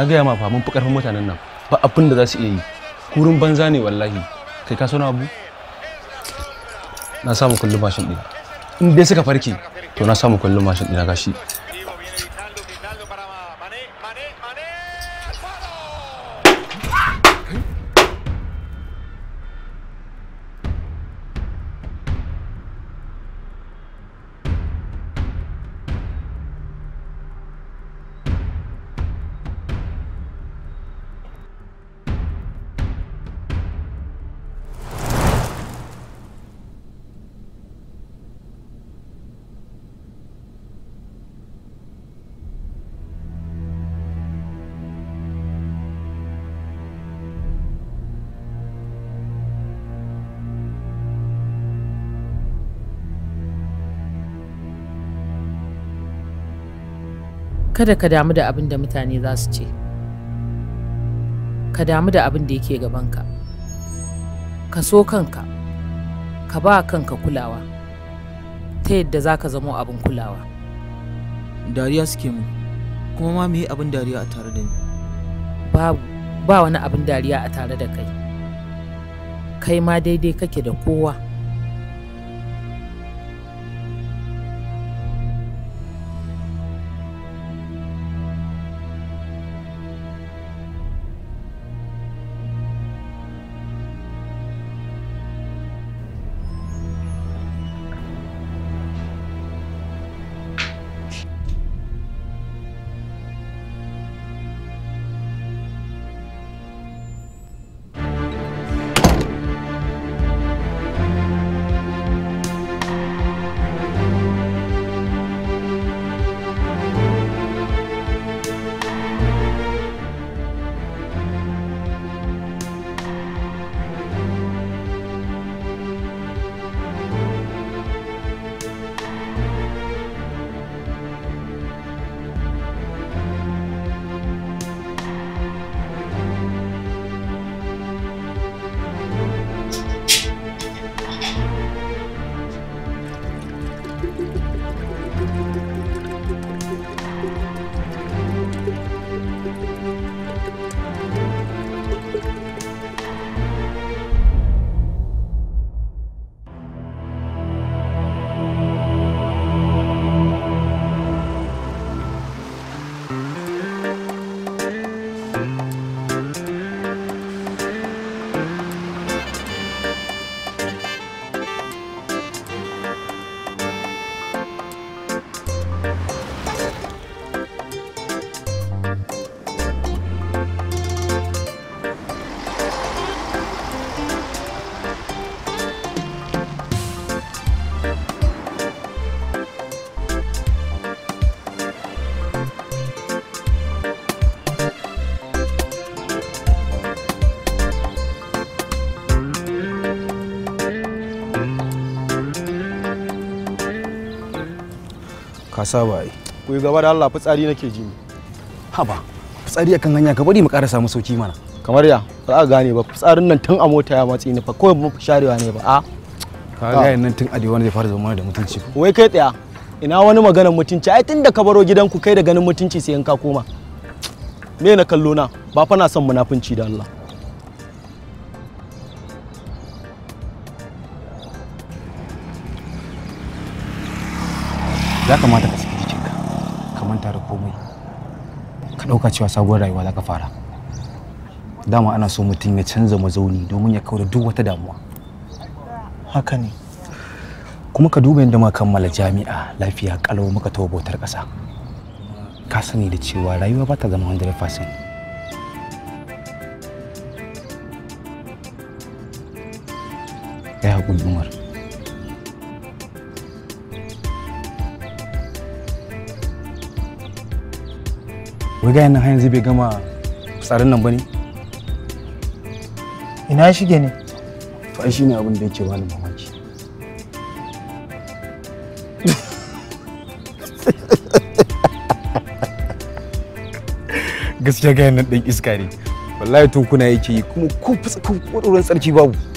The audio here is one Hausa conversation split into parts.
na gaya ma fa mun mutanen nan ba abin da za su iya yi kurin banza ne wallahi kai ka sona abu na samu kullum mashin ɗina in dai suka farke to na samu kullum mashin ɗina gashi kada ka damu da abin da mutane za su ce ka damu da abin da yake gabanka ka so kanka ka ba kanka kulawa ta yadda za ka zamo abin kulawa dariya suke mu kuma ma yi abin dariya a tare da ni ba wani abin dariya a tare da kai kai ma daidai kake da kowa ka saba ai ku gaba da Allah fitsari nake ji haba fitsari akan hanya ka bari mu ƙara samu sauki mana kamar ya ba za gane ba fitsarin nan tun a mota ya matsi ni fa kawai mu sharewa ne ba a ka ga nan tun adewa ne zai fara zama da mutunci wai kai tsaya ina wani maganar mutunci ai tunda ka baro gidanku kai da ganin mutunci sai in ka koma me na kallo na ba fa na son munafunci da Allah ya kamata ka saki jikinka ka manta da komai ka ɗauka cewa sabuwar rayuwa za ka fara dama ana so mutum ya canza mazauni domin ya kaura duk wata damuwa haka ne kuma ka duba yadda muka kammala jami'a lafiya kalau muka tawo bautar ƙasa ka sani da cewa rayuwa ba ta zama 100% ya haƙuri umar ga nan har zai bai gama tsarin nan ba ne ina shige ne to shi shine abin da yake wani mamaki gaskiya ga nan ɗan iska ne wallahi tun kuna yake yi kuma ko fitsakan tsarki babu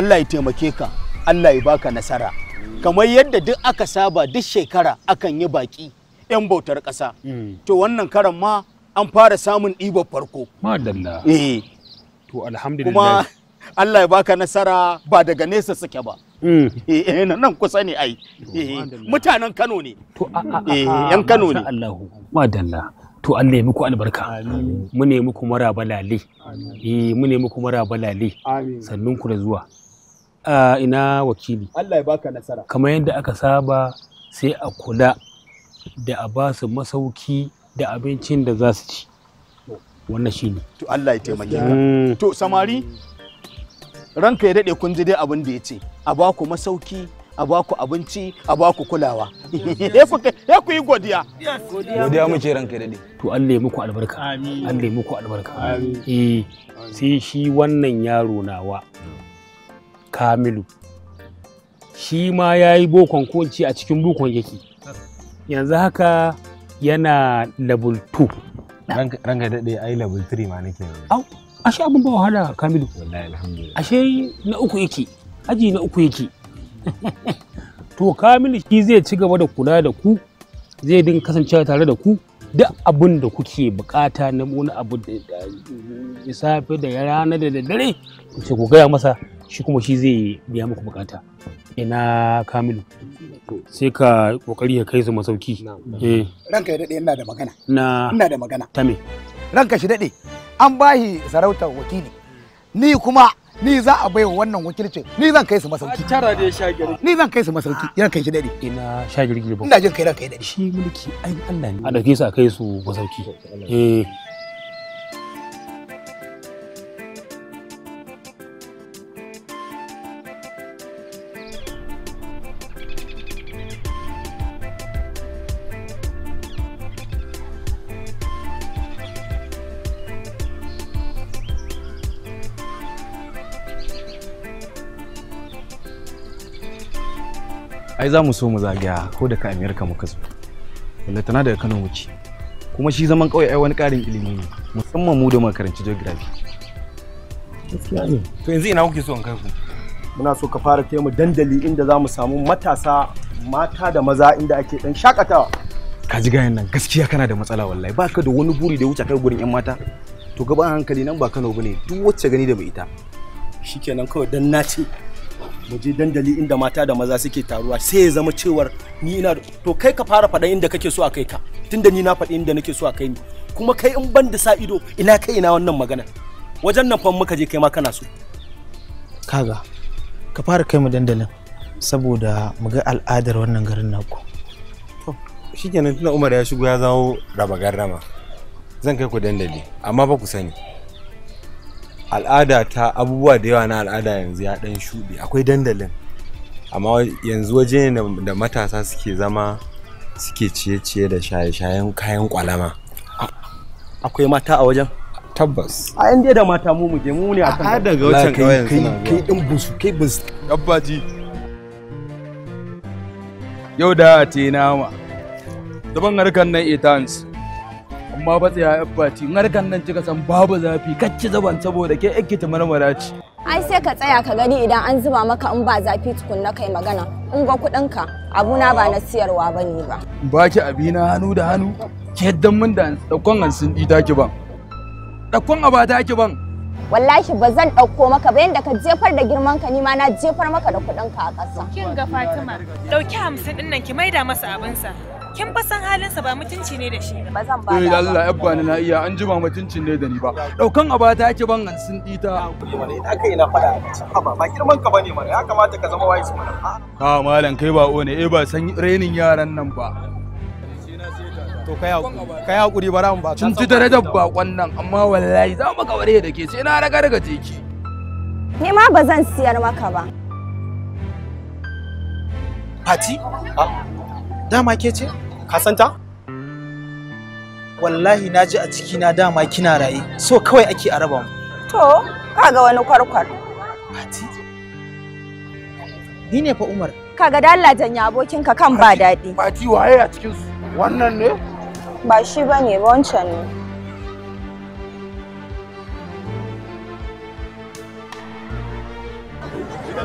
Allah ya taimake ka Allah ya baka nasara kamar yadda duk aka saba duk shekara akan yi baki 'yan bautar ƙasa hmm. to wannan karan ma an fara samun ibo farko madalla eh to alhamdulillah kuma Allah ya baka nasara ba daga nesa suke ba hmm. eh nan kusa ne ai eh, mutanen Kano ne to eh yan Kano ne Allahu madalla to Allah ya muku albarka mu ne muku maraba lale eh mu ne muku maraba lale sannun ku da zuwa a ina wakili Allah ya baka nasara kamar yadda aka saba sai a kula da a ba su masauki da abincin da za su ci wannan shi ne. to Allah ya taimake ka mm. to samari ranka ya dade kun ji dai abin da ya ce a ba ku masauki a ba ku abinci a ba ku kulawa ya ku yi godiya godiya mu ce ranka ya dade to Allah ya muku albarka amin Allah ya muku albarka amin eh sai shi wannan yaro nawa kamilu shi ma ya yi bokon ko a cikin bokon yake yanzu haka yana level 2 ranka daɗe ai level 3 ma nake au ashe abin ba wahala kamilu wallahi alhamdulillah ashe na uku yake aji na uku yake to kamilu shi zai ci gaba da kula da ku zai din kasancewa tare da ku duk abin da kuke bukata na wani abu da safe da rana da daddare ku ce ku gaya masa shi kuma shi zai biya muku bukata ina kamilu sai ka kokari ya kai su masauki eh. ranka ya dade ina da magana na ina da magana ta me ranka shi dade an bahi sarautar wakili ni kuma ni za a baiwa wannan wakilcin ni zan kai su masauki tara da shagiri ni zan kai su masauki ranka shi dade ina shagiri ba ina jin kai ranka ya dade shi mulki ai Allah ne a dake su a kai su masauki eh ai za mu so mu zagaya ko da ka amerika muka zo tana daga kano muke kuma shi zaman kawai ai wani ƙarin ilimi ne musamman mu da makaranci geography gaskiya ne to yanzu ina kuke so in kai ku muna so ka fara kai mu dandali inda za mu samu matasa mata da maza inda ake dan shakatawa ka ji gayan nan gaskiya kana da matsala wallahi baka da wani buri da wuce kai gurin yan mata to gaban hankali nan ba Kano bane duk wacce gani da mu ita shikenan kawai dan na ce mu je dandali inda mata da maza suke taruwa sai ya zama cewar ni ina to kai ka fara faɗa inda kake so a kai ka tunda ni na faɗi inda nake so a kai ni kuma kai in ban da sa ido ina kai ina wannan magana wajen nan fa muka je kai ma kana so kaga ka fara kai mu dandalin saboda mu ga al'adar wannan garin naku shikenan tunda Umar ya shigo ya zawo raba garrama zan kai ku dandali amma ba ku sani al'ada ta abubuwa da yawa na al'ada yanzu ya dan shuɗe akwai dandalin amma yanzu waje ne da matasa suke zama suke ciye-ciye da shaye-shayen kayan kwalama akwai mata a wajen tabbas a yan da mata mu muje mu ne akan har daga wancan kauyen kai kai din busu kai bus dabbaji yau da te nama daban harkan nan itans amma ba tsaya yan fati ngarkan nan kika san babu zafi kacci zaban saboda ke ake ta marmara ce ai sai ka tsaya ka gani idan an zuba maka in ba zafi tukun na kai magana in ga abu na ba na siyarwa ba ba ba ki abina hannu da hannu ke yadda mun da an sun di taki ban ɗaukon ba taki ban wallahi ba zan ɗauko maka ba yanda ka jefar da girman ka ma na jefar maka da ka a ƙasa. Kin ga Fatima, dauki hamsin din nan ki maida masa abinsa. kin fa san halinsa ba mutunci ne da shi ba zan ba eh Allah yabba ni na iya an jima mutunci ne da ni ba daukan aba ta yake ban sun dita aka yi na fada haba ba girman ka bane mana ya kamata ka zama wise mana ha malam kai ba one eh ba san renin yaran nan ba to kai hakuri kai hakuri ba ran ba tun ci darajar bakon nan amma wallahi za mu ga ware da ke sai na raga daga teki ni ma ba zan siyar maka ba Fati? dama ke ce ka san ta wallahi na ji a ciki na dama kina raye so kawai ake a raba mu to kaga wani kwarkwar Fati ni ne fa Umar kaga da Allah janya abokinka kan ba daɗi Fati waye a cikin su wannan ne ba shi bane ba wancan ne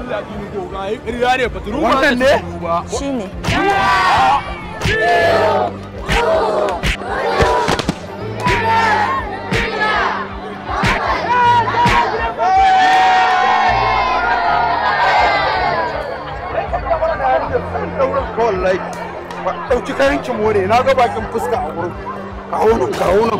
Allah ji ni goga Wallahi, ɗauki kayan ki na ga bakin fuska a wurin, kawo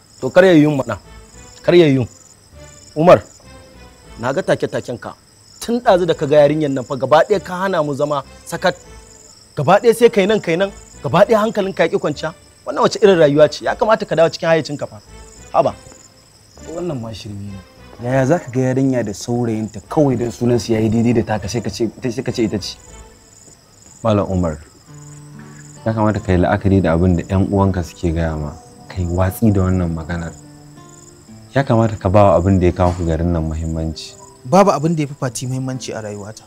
to kar ya yun mana kar ya yun umar na ga take-taken ka tun ɗazu da ka ga yarinyar nan fa gaba ɗaya ka hana mu zama sakat gaba ɗaya sai kai nan kai nan gaba ɗaya hankalin ka ya kwanciya wannan wace irin rayuwa ce ya kamata ka dawo cikin hayyacin ka fa haba wannan ma shirme ne yaya za ga yarinya da saurayinta kawai don sunan su yayi daidai da taka sai ka ce ita ce malam umar ya kamata ka yi la'akari da abin da 'yan uwanka suke gaya ma ka yi watsi da wannan maganar ya kamata ka ba abin da ya kawo ku garin nan muhimmanci babu abin da ya fi fati muhimmanci a rayuwata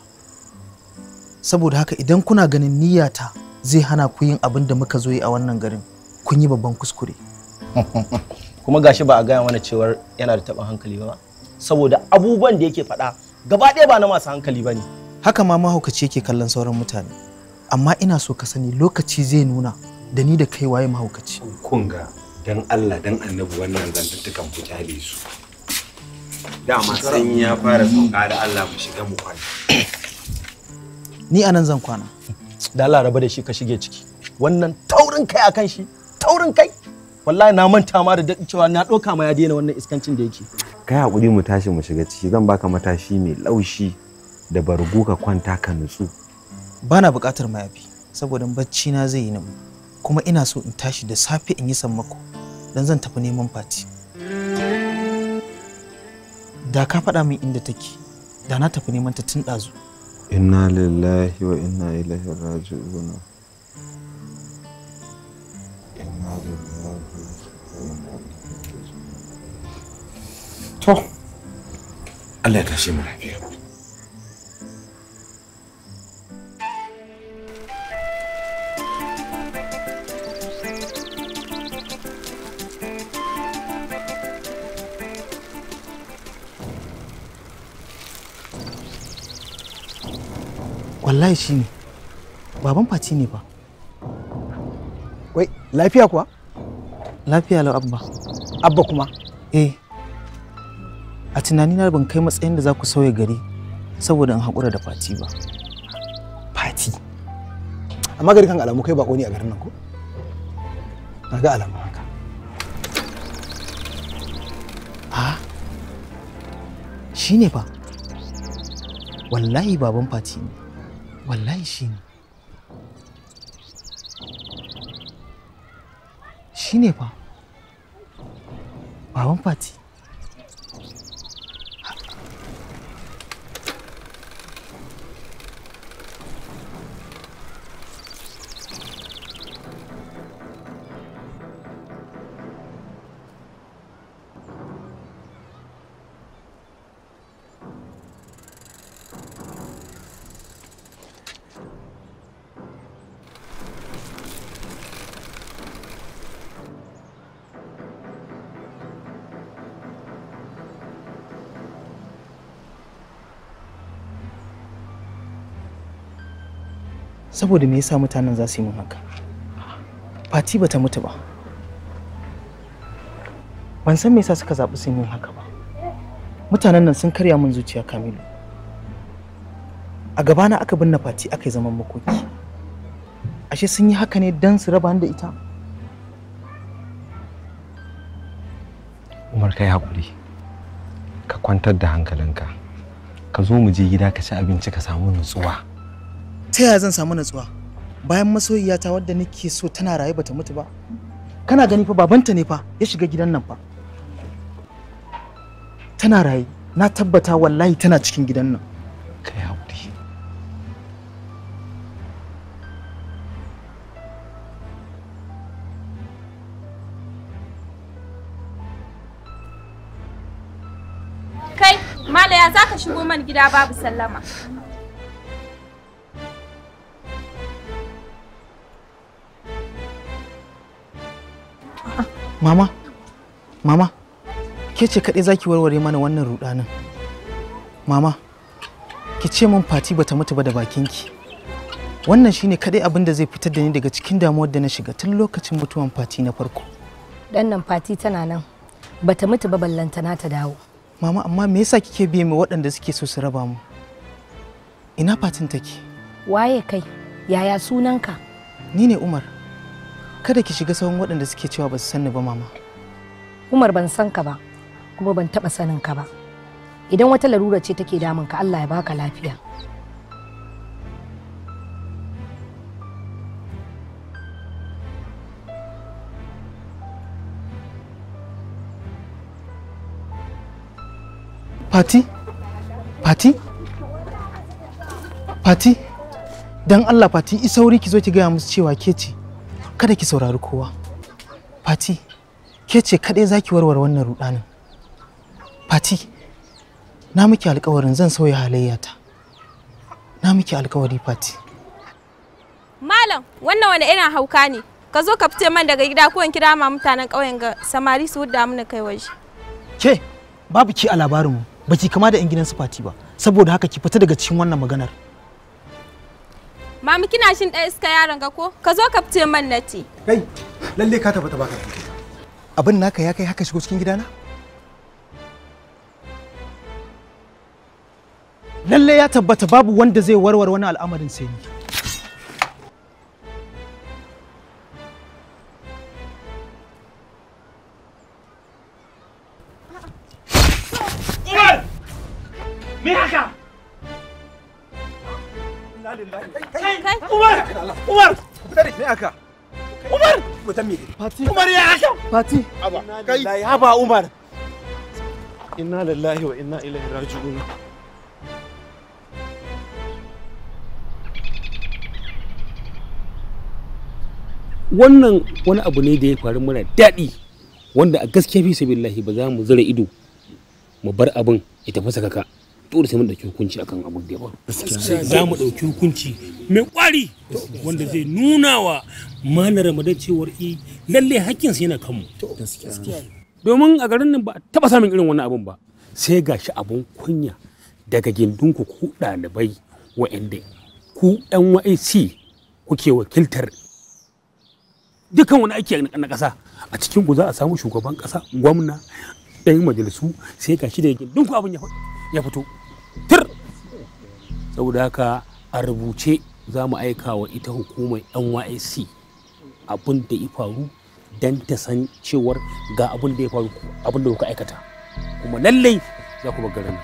saboda haka idan kuna ganin niyyata zai hana ku yin abin da muka zo yi a wannan garin kun yi babban kuskure kuma gashi ba a gaya mana cewar yana da taɓin hankali ba saboda abubuwan da yake faɗa gaba ɗaya ba na masu hankali ba ne haka ma mahaukaci yake kallon sauran mutane amma ina so ka sani lokaci zai nuna da ni da kai waye mahaukaci ga don Allah don annabi wannan zantuttukan ku kyale su dama san ya fara sauka da Allah mu shiga mu kwana ni anan zan kwana da Allah raba da shi ka shige ciki wannan taurin kai akan shi taurin kai wallahi na manta ma da cewa na ɗauka ma ya daina wannan iskancin da yake kai hakuri mu tashi mu shiga ciki zan baka matashi mai laushi da bargu ka kwanta ka nutsu bana buƙatar mayafi saboda bacci na zai yi nan kuma ina so in tashi da safe in yi sammako dan zan tafi neman fati da ka faɗa min inda take da na tafi neman ta tun ɗazu inna lillahi wa inna ilaihi raji'un inna lillahi to Allah ya kashe mu lafiya wallahi shi ne baban faci ne ba wai lafiya kuwa lafiya lau abba abba kuma eh a tunanina ban kai matsayin da za ku sauya gari saboda in haƙura da fati ba fati amma gari kan alamu kai ba ne a garin nan ko na ga alamu haka ha shi ne ba wallahi baban fati ne wallahi shi ne shi ne fa baban fati saboda me yasa mutanen za su yi mun haka fati bata mutu ba ban san me yasa suka zaɓi su yi mun haka ba mutanen nan sun karya mun zuciya kamilu a gaba na aka binne fati aka yi zaman makoki ashe sun yi haka ne don su raba da ita umar kai hakuri ka kwantar da hankalinka ka zo mu je gida ka ci abinci ka samu nutsuwa ta yaya zan samu natsuwa bayan masoyiyata wadda nake so tana raye bata mutu ba kana gani fa babanta ne fa ya shiga gidan nan fa tana raye na tabbata wallahi tana cikin gidan nan kai haƙuri kai malaya za ka shigo man gida babu sallama Mama, mama, ke ce kaɗai za ki warware mana wannan ruɗanin. Mama, ki ce min fati ba ta mutu ba da bakinki. Wannan shi ne kaɗai abin da zai fitar da ni daga cikin damuwar da na shiga tun lokacin mutuwan fati na farko. Dan nan fati tana nan, Ba ta mutu ba na ta dawo. Mama, amma me yasa kike biye mu waɗanda suke so su raba mu? Ina fatin take? Waye kai? Yaya sunanka? Ni ne Umar. kada ki shiga sauran waɗanda suke cewa ba su sanni ba mama umar ban san ka ba kuma ban taɓa sanin ka ba idan wata larura ce take damun ka allah ya baka lafiya Fati? Fati? Fati? Don Allah Fati, isauri ki zo ki gaya musu cewa ke ce. kada ki saurari kowa fati ke ce kaɗai za ki warware wannan rudanin fati na miki alkawarin zan sauya halayyata na miki alkawari fati malam wannan wani irin hauka ne ka zo ka fice man daga gida ko in kira ma mutanen ƙauyen ga samari su huda mana kai waje ke babu ki a labarinmu baki kama da 'yan gidan su fati ba saboda haka ki fita daga cikin wannan maganar Mami kina shin ɗaya iska yaron ga ko? Ka zo ka fice man nati. Kai, lalle ka tabbata baka fice. Abin naka ya kai haka shigo cikin gidana? Lalle ya tabbata babu wanda zai warware wani al'amarin sai ni. Me haka? Kai! Umar! Umar! Me aka? Umar! me? Fati. Umar ya Fati. Aba. Kai. Umar. Inna lillahi wa inna ilaihi raji'un. wannan wani abu ne da ya faru mana daɗi wanda a gaskiya fi sabillahi ba za mu zira ido mu bar abin ya tafi sakaka dole sai mun dauki hukunci akan abu da ya za mu dauki hukunci mai kwari wanda zai nuna wa mana ramadan cewar i eh, lalle hakkin sa yana kanmu domin a garin nan ba taba samun irin wani abun ba sai gashi abun kunya daga gindin ku ku ɗalibai wa'anda ku NYC kuke wakiltar dukan wani aiki na ƙasa a cikin ku za a samu shugaban kasa gwamna ɗan majalisu sai gashi daga gindin ku abun ya faɗi ya fito tir saboda haka a rubuce za mu aika wa ita hukumar nysc abin da ya faru don ta san cewar ga abin da ya faru abin da kuka aikata kuma lallai za ku garin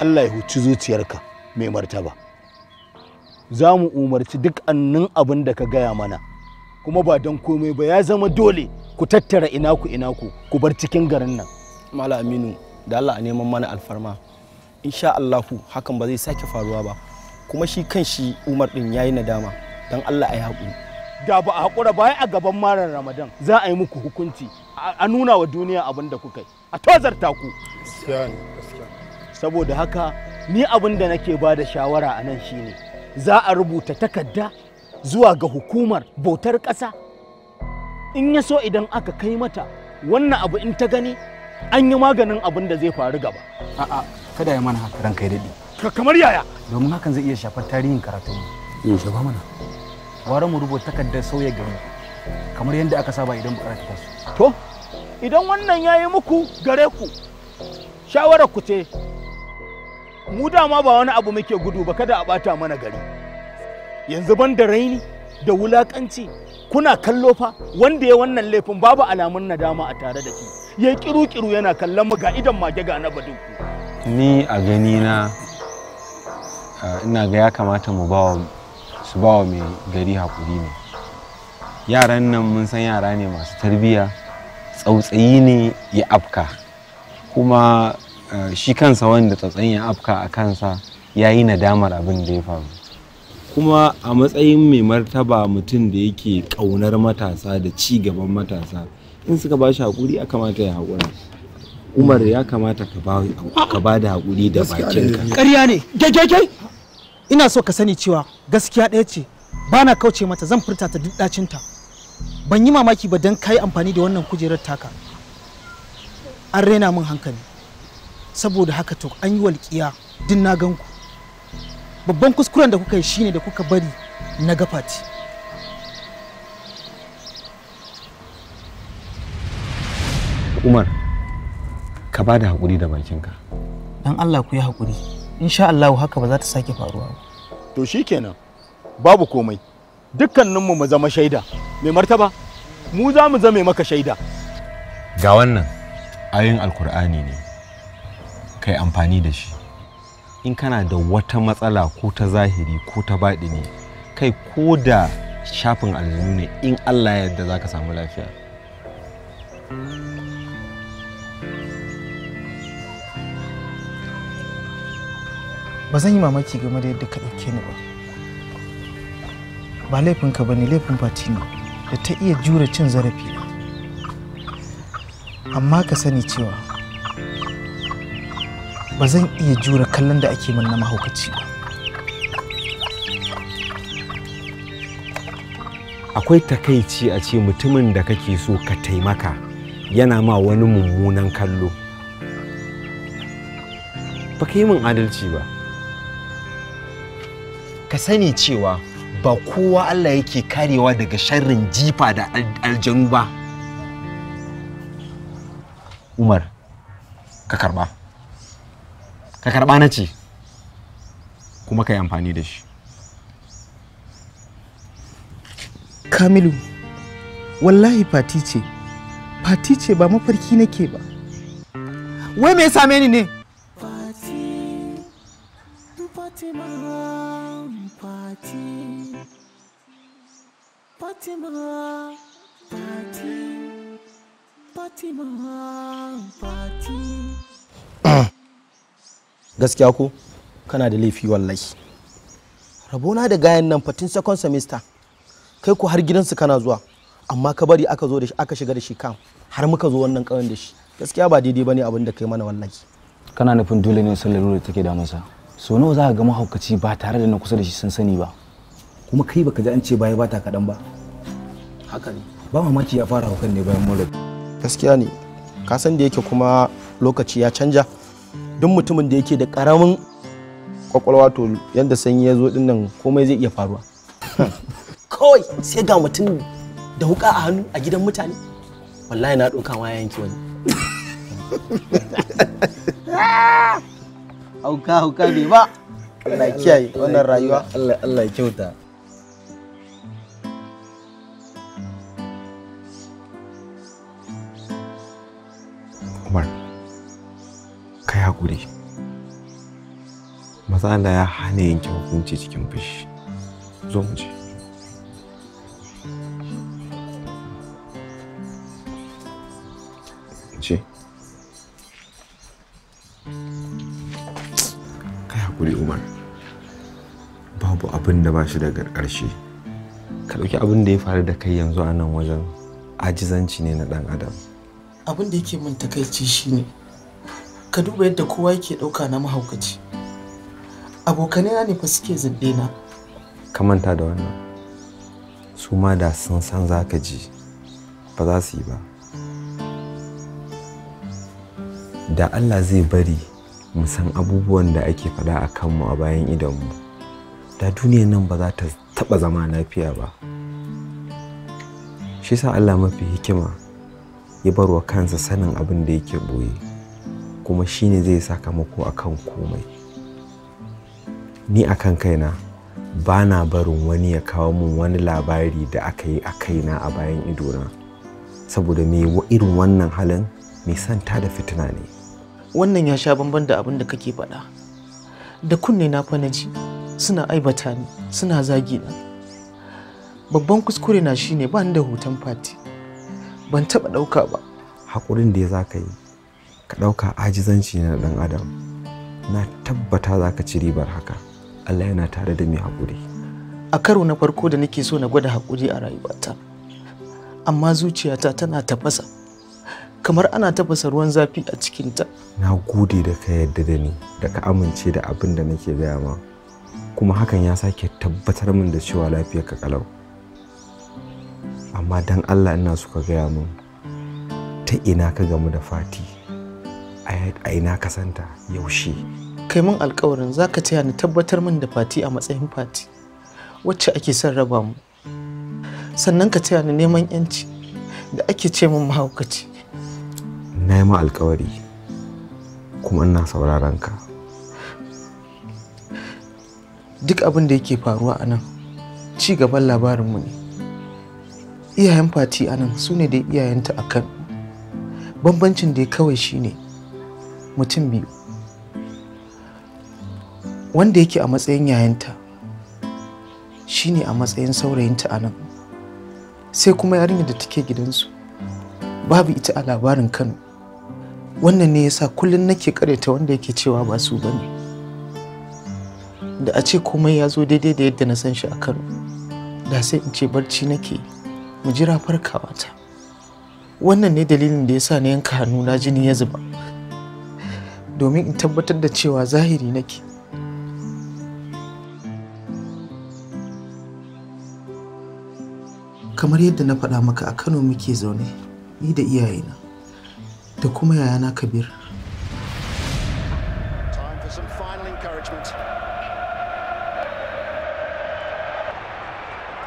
allah ya huci zuciyarka mai martaba za mu umarci duk annin abin da ka gaya mana kuma ba don komai ba ya zama dole ku tattara ina ku ina ku ku bar cikin garin nan mala aminu da allah a neman mana alfarma insha Allahu hakan ba zai sake faruwa ba kuma shi kan shi Umar din yayi nadama dan Allah ayi haƙuri da ba a haƙura ba a gaban maran Ramadan za a yi muku hukunci a nuna wa duniya abin da kuka yi a tozarta ku saboda haka ni abin da nake ba da shawara a nan shine za a rubuta takarda zuwa ga hukumar bautar ƙasa in ya so idan aka kai mata wannan abu in ta gani an yi maganin abin da zai faru gaba a'a kada ya mana haka ranka ya daɗe kamar yaya domin hakan zai iya shafar tarihin karatun mu ya shafa mana ware mu rubuta takardar sauya gari kamar yadda aka saba idan bukara ta taso to idan wannan yayi muku gare ku shawarar ku ce mu dama ba wani abu muke gudu ba kada a bata mana gari yanzu ban da raini da wulakanci kuna kallo fa wanda ya wannan laifin babu alamun nadama a tare da shi ya kiru kiru yana kallon mu ga idan mage ga na badinku ni a gani na eh, ina ga ya kamata mu bawa su bawa mai gari hakuri ne yaran nan mun san yara ne masu tarbiyya tsautsayi ne ya afka kuma eh, shi kansa wanda tsautsayi ya afka a kansa ya yi nadamar abin da ya faru kuma a matsayin mai martaba mutum da yake ƙaunar matasa da ci gaban matasa in suka ba shi hakuri a kamata ya haƙura umar ya kamata ka ba da haƙuri da bakinka ƙarya ne gaggagai ina so ka sani cewa gaskiya ɗaya ce ba na kauce mata zan furta ta duk ɗacinta ban yi mamaki ba don ka yi amfani da wannan kujerar taka an rena min hankali saboda haka to an yi walƙiya din na ganku babban kuskuren da kuka yi shine da kuka bari na gafati umar ka ba da haƙuri da bakinka dan Allah ku yi haƙuri insha Allah haka ba za ta sake faruwa ba to shi kenan babu komai dukkaninmu mu mu zama shaida mai martaba mu za mu zame maka shaida ga wannan ayin alkur'ani ne kai amfani da shi in kana da wata matsala ko ta zahiri ko ta ne kai ko da shafin aljanu ne in allah ya yadda za ka samu lafiya ba zan yi mamaki game da yadda ka ɗauke ni ba ba laifinka ba ne laifin fati ne da ta iya jure cin zarafi amma ka sani cewa ba zan iya jure kallon da ake min na mahaukaci ba akwai takaici a ce mutumin da kake so ka taimaka yana ma wani mummunan kallo ba ka yi min adalci ba ka sani cewa ba kowa Allah yake karewa daga sharrin jifa da aljanu ba umar ka karba ka karba na ce kuma ka yi amfani da shi kamilu wallahi fati ce fati ce ba mafarki nake ba wai me ya same ni ne Fatima Gaskiya ko kana da laifi wallahi rabona da gayan nan fatin second semester kai ku har gidansu kana zuwa amma ka bari aka zo da shi aka shiga da shi kan har muka zo wannan kawai da shi gaskiya ba daidai bane abin da kai mana wallahi kana nufin dole ne sun da take da masa so nawa za ka ga mahaukaci ba tare da na kusa da shi sansani ba kuma kai baka ji an ce baya bata kaɗan ba haka ne ba mamaki ya fara haukan ne bayan mura gaskiya ne ka san da yake kuma lokaci ya canja duk mutumin da yake da karamin kwakwalwa to yadda sanyi ya zo din komai zai iya faruwa kawai sai ga mutum da wuka a hannu a gidan mutane wallahi na ɗauka ma yanki wani hauka hauka bai ba Allah kiyaye wannan rayuwa Allah Allah kyauta Umar kai hakuri maza da ya hana yanke hukunci cikin fushi zo mu Thank you. haƙuri umar babu abin da ba shi daga ƙarshe ka ɗauki abin da ya faru da kai yanzu a nan wajen ajizanci ne na ɗan adam abin da yake min takaici shine ka duba yadda kowa yake ɗauka na mahaukaci abokanai ne fa suke zinɗe na ka manta da wannan su ma da sun san za ka ji ba za su yi ba da allah zai bari mu san abubuwan da ake faɗa a kanmu a bayan idanmu da duniyar nan ba za ta taɓa zama lafiya ba shi sa allah mafi hikima ya bar wa kansa sanin abin da yake ɓoye kuma shi ne zai sakamako a kan komai ni a kan kaina ba na barin wani ya kawo min wani labari da aka yi a kaina a bayan idona saboda me irin wannan halin mai santa da fitina ne wannan ya sha bamban da abin da kake faɗa da kunne na fa suna aibata ni suna zagi na babban kuskure na shine ba ni da hoton fati ban taɓa ɗauka ba Hakurin da ya za ka yi ka ɗauka ajizanci na ɗan adam na tabbata za ka ci ribar haka allah yana tare da mai haƙuri a karo na farko da nake so na gwada hakuri a rayuwata amma zuciyata tana tafasa kamar ana tafasa ruwan zafi a cikinta. Na gode da ka yarda da ni da ka amince da abin da nake gaya ma. Kuma hakan ya sake tabbatar min da cewa lafiyar ka kalau. Amma dan Allah ina so ka gaya min ta ina ka gamu da fati a ina ka santa yaushe. Kai min alƙawarin za ka taya ni tabbatar min da fati a matsayin fati wacce ake son raba mu. Sannan ka taya ni neman 'yanci da ake ce min mahaukaci. na yi ma alkawari kuma ina sauraron ka duk abin da yake faruwa a nan ci gaban labarinmu ne iyayen fati a nan su ne da iyayenta a kan bambancin da ya kawai shine mutum biyu wanda yake a matsayin yayanta ne a matsayin saurayinta a nan sai kuma yarinyar da take gidansu babu ita a labarin kano wannan ne yasa kullum nake karyata wanda yake cewa ba su bane da a ce komai ya zo daidai da yadda na san shi a kano da sai in ce barci nake mu jira farkawa ta wannan ne dalilin da yasa na yanka hannu na jini ya zuba domin in tabbatar da cewa zahiri nake kamar yadda na faɗa maka a kano muke zaune ni da iyayena da kuma yayana kabir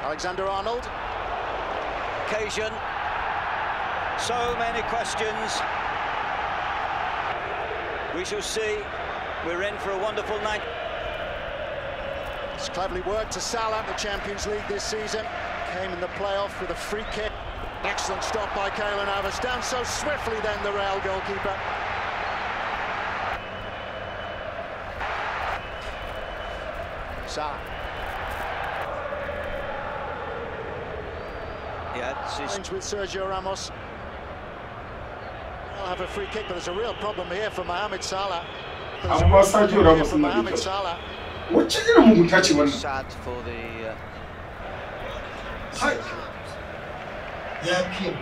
Alexander Arnold. Occasion. So many questions. We shall see. We're in for a wonderful night. It's cleverly worked to Salah, the Champions League this season. Came in the playoff with a free kick. Excellent stop by Kalen Havertz. Down so swiftly then the Real goalkeeper. Sa. Yeah, she's... with Sergio Ramos. I'll have a free kick, but there's a real problem here for Mohamed Salah. There's a real problem here for Mohamed Salah. What you going to do? Sad for the... Uh... Hi. ya fiye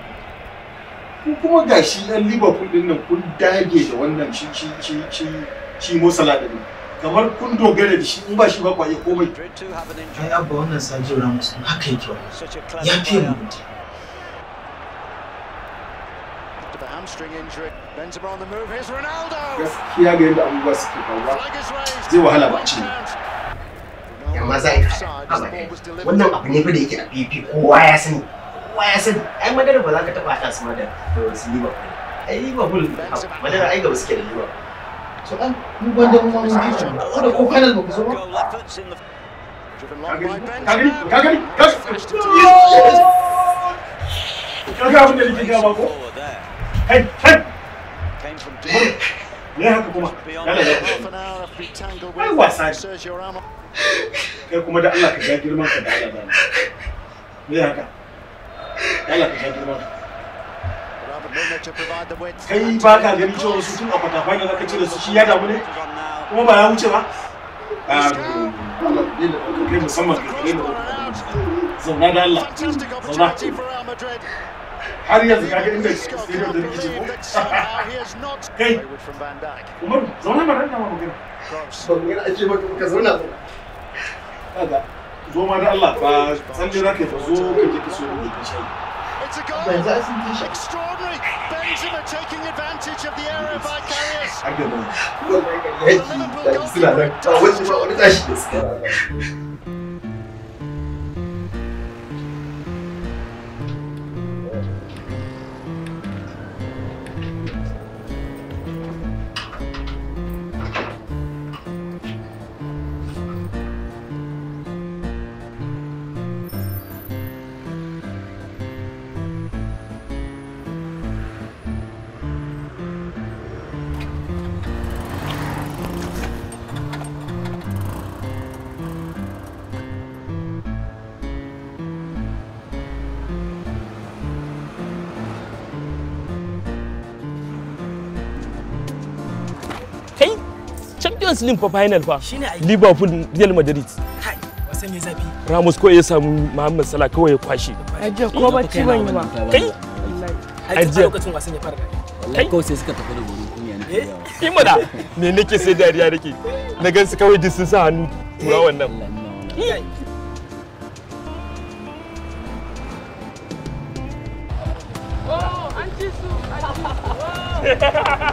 ku kuma ga shi ɗan liverpool ɗin nan kun dage da wannan ci-ci-ci, shi shi mosala da kamar kun dogara da shi in ba shi ba kwaye komai ai abba wannan sajo ramos ɗin haka yake wa ya fiye mu gaskiya ga yadda abubuwa suke faruwa zai wahala ba ci yamma za a yi wannan abu ne fa da yake a pp kowa ya sani kowa ya sani ai madara ba za ka taɓa haɗa su ma da wasu liverpool ai liverpool madara ai gaba suke da liverpool so an mu gwanda mun ji shi ko final ba ku zo ba kagani kagani kagani kaga abin da nake gaba ko kai kai ne haka kuma yana da kai wasa kai kuma da Allah ka ga girma ka da Allah ne haka yalla ka sha kai ba ka gani cewa wasu tun a kwatafan yanzu ka ce da su shi ya damu ne kuma ba ya wuce ba da zauna da Allah zauna har yanzu ka ga inda sai da rikici ko kai umaru zauna ba ran ma magana ba magana ake ba ka zauna ba zo ma da Allah ba san da ka zo ka je so ne ka za su Benzema taking advantage of the error by Karius. Champions League final fa Liverpool Real Madrid wasan Ramos ko ya samu Muhammad Salah kawai ya kwashe aje ko ci ban yi ba kai aje lokacin wasan ya fara kai ko sai suka tafi da gurin kunya ne eh? imana me nake sai dariya nake na gan su kawai sun sa hannu tura eh, wannan Ha ha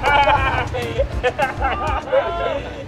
ha ha!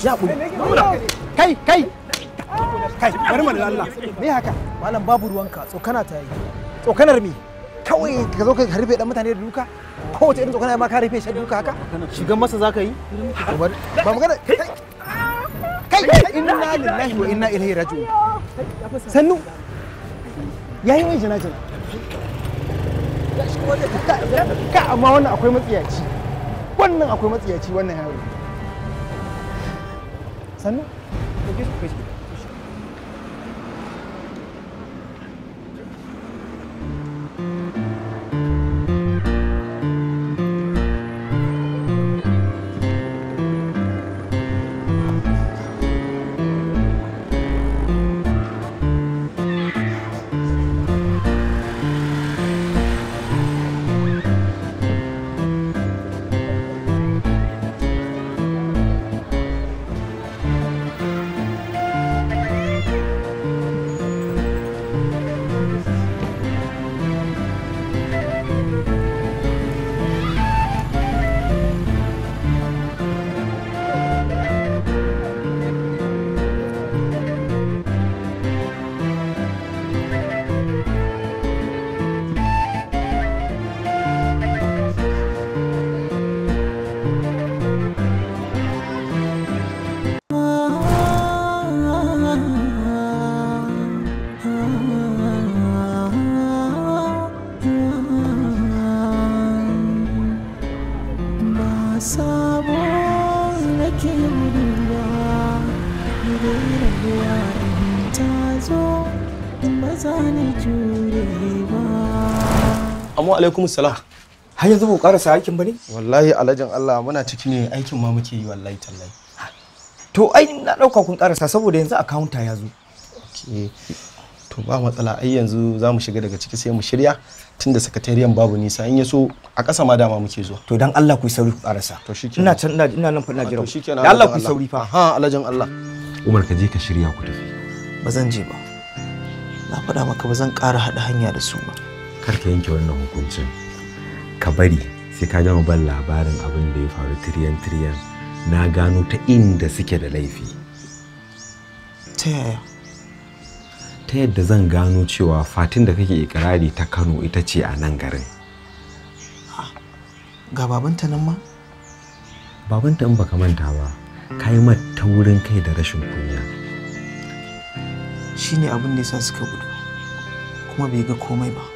ya kuri kai kai kai bari mu da me haka malam babu ruwanka tsokana ta yi tsokanar me kawai ka zo ka harbe dan mutane da duka ko kowace irin tsokana ma ka rufe shi duka haka shigan masa zaka yi ba magana kai inna lillahi wa inna ilaihi raji'un sannu yayi wai jina jina ka amma wannan akwai matsiyaci wannan akwai matsiyaci wannan yaro सन तो किस assalamu alaikum salam har yanzu ba ku karasa aikin ba ne wallahi alajin Allah muna ciki ne aikin ma muke yi wallahi tallahi to ai na dauka kun karasa saboda yanzu akaunta ya zo to ba matsala ai yanzu za mu shiga daga ciki sai mu shirya tunda sakatariyan babu nisa in ya so a ƙasa ma dama muke zuwa to dan Allah ku yi sauri ku karasa to shikenan ina can ina nan fa ina jira da Allah ku yi sauri fa ha alajin Allah Umar ka je ka shirya ku tafi ba zan je ba na faɗa maka ba zan ƙara haɗa hanya da su ba kar ka yanke wannan hukuncin ka bari sai ka gama ban labarin abin da ya faru tiriyan tiriyan na gano ta inda suke da laifi ta yaya ta yadda zan gano cewa fatin da kake ikirari ta kano ita ce a nan garin ga babanta nan ma babanta in baka manta ba ka yi mata wurin kai da rashin kunya shine abin da yasa suka gudu kuma bai ga komai ba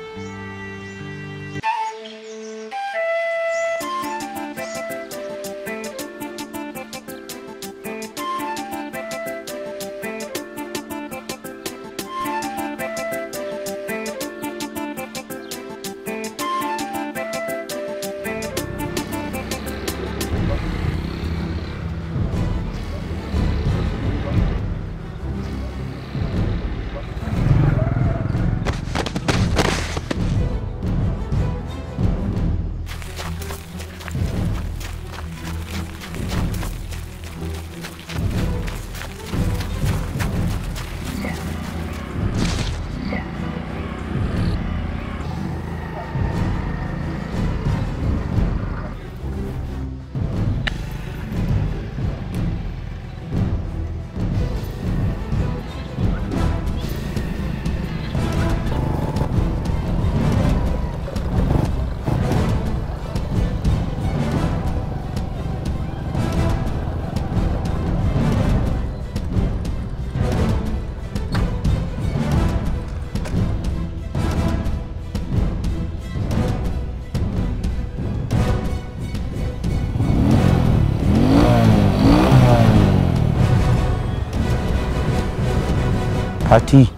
fati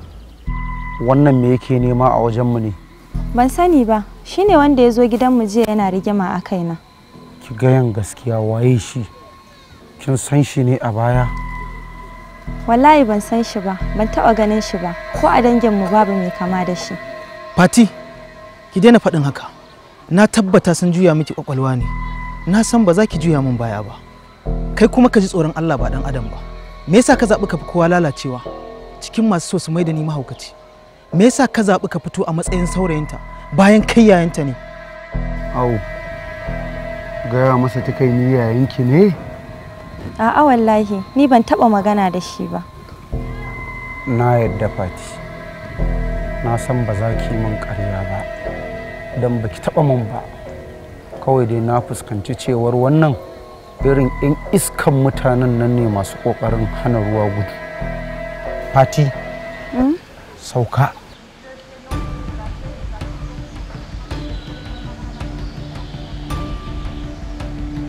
wannan me yake nema a wajenmu ne ban sani ba shi ne wanda ya zo gidanmu jiya yana rigima a kaina ki gayan gaskiya waye shi kin san shi ne a baya wallahi ban san shi ba ban taɓa ganin shi ba ko a danginmu babu mai kama da shi fati ki daina faɗin haka na tabbata sun juya miki kwakwalwa ne na san ba za ki juya min baya ba kai kuma ka ji tsoron allah ba dan adam ba me yasa ka zaɓi ka fi kowa lalacewa cikin masu so su mai da ni mahaukaci me yasa ka zaɓi ka fito a matsayin saurayinta bayan kai yayanta ne au gaya masa ta kai ni yayanki ne a'a wallahi ni ban taɓa magana da shi ba na yadda fati na san ba za ki min ƙarya ba don ba ki taɓa min ba kawai dai na fuskanci cewar wannan irin 'yan iskan mutanen nan ne masu ƙoƙarin hana ruwa gudu fati hmm? sauka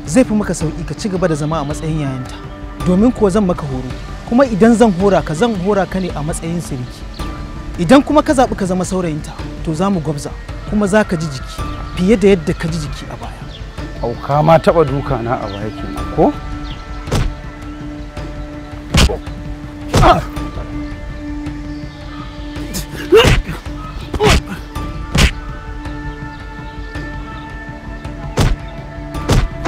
zai fi maka sauki ka ci gaba da zama a matsayin yayanta domin kuwa zan maka horo kuma idan zan hora ka zan hora ka ne a matsayin siriki idan kuma ka zaɓi ka zama saurayinta to za mu gwabza kuma za ka ji jiki fiye da yadda ka ji jiki a baya auka ma taɓa duka na a baya kenan ko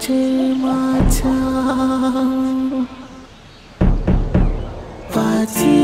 trên mặt trăng và chia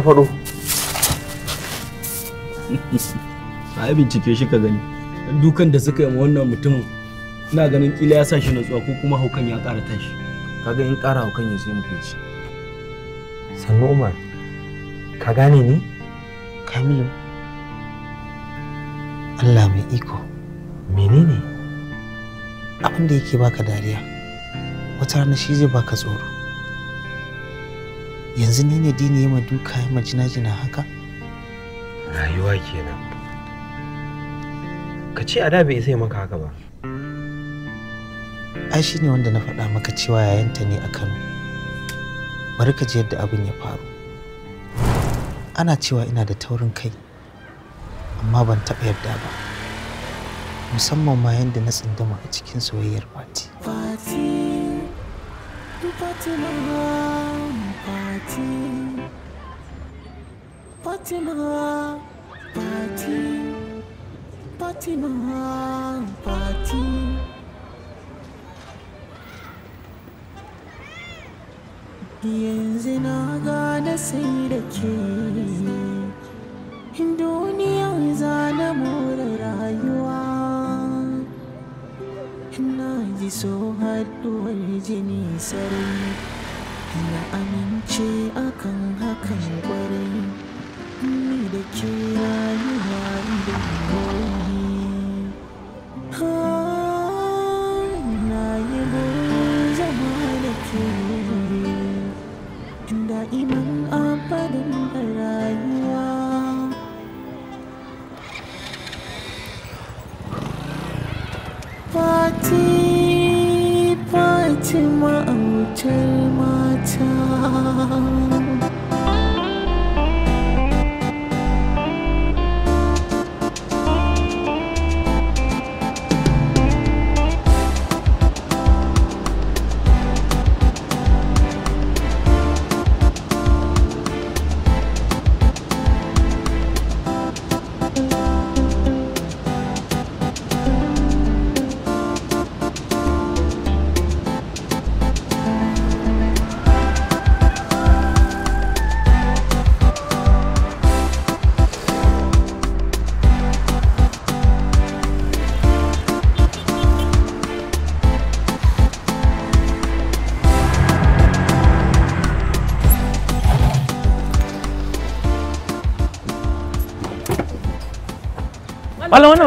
farfado ai bincike shi ka gani dukan da suka yi ma wannan mutumin ina ganin kila ya sa shi natsuwa ko kuma haukan ya ƙara tashi kaga in ƙara haukan ya sai mu fice sannu umar ka gane ni kamilu allah mai iko menene abin da yake baka dariya wata rana shi zai baka tsoro yanzu ni ne dini ya duka ya majina-jina haka? rayuwa kenan ka ce a da bai isa maka haka ba ai shi ne wanda na faɗa maka cewa yayanta ne a kano bari ka ji yadda abin ya faru ana cewa ina da taurin kai amma ban taɓa yarda ba musamman ma yadda na tsindama a cikin soyayyar fati fati fati Fati Fatima Fati Fatima Fati Yanzu na gane sai da ke Duniyar za na more rayuwa na ji so haɗuwar jini sarai na amince akan hakan kwarai ni da ke rayuwa da koyi na yi burin zama da ke iman abadin rayuwa Fatima chơi mà chẳng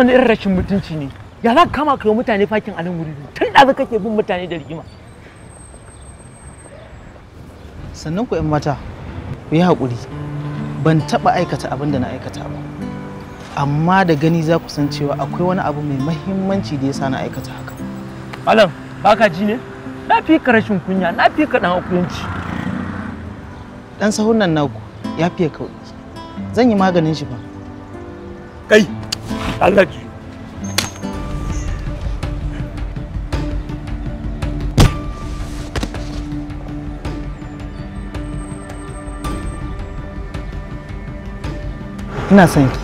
wani irin rashin mutunci ne ya za ka kama ka mutane fakin a nan wuri tun da kake bin mutane da rigima sannan ku 'yan mata ku yi haƙuri ban taɓa aikata abin da na aikata ba amma da gani za ku san cewa akwai wani abu mai mahimmanci da ya sa na aikata haka alam baka ji ne na fi ka rashin kunya na fi ka dan hakuyanci ɗan sahun nan naku ya fiye ka zan yi maganin shi ba kai Allah ina son ki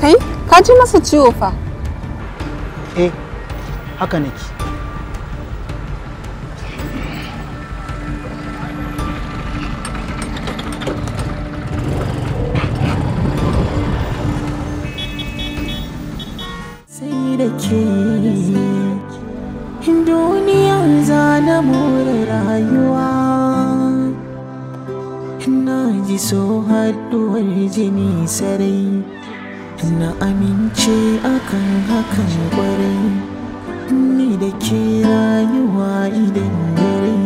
kai ka ji masa ciwo fa eh haka nake haɗuwar jini sarai na amince akan hakan kwarai ni da ke rayuwa idan dare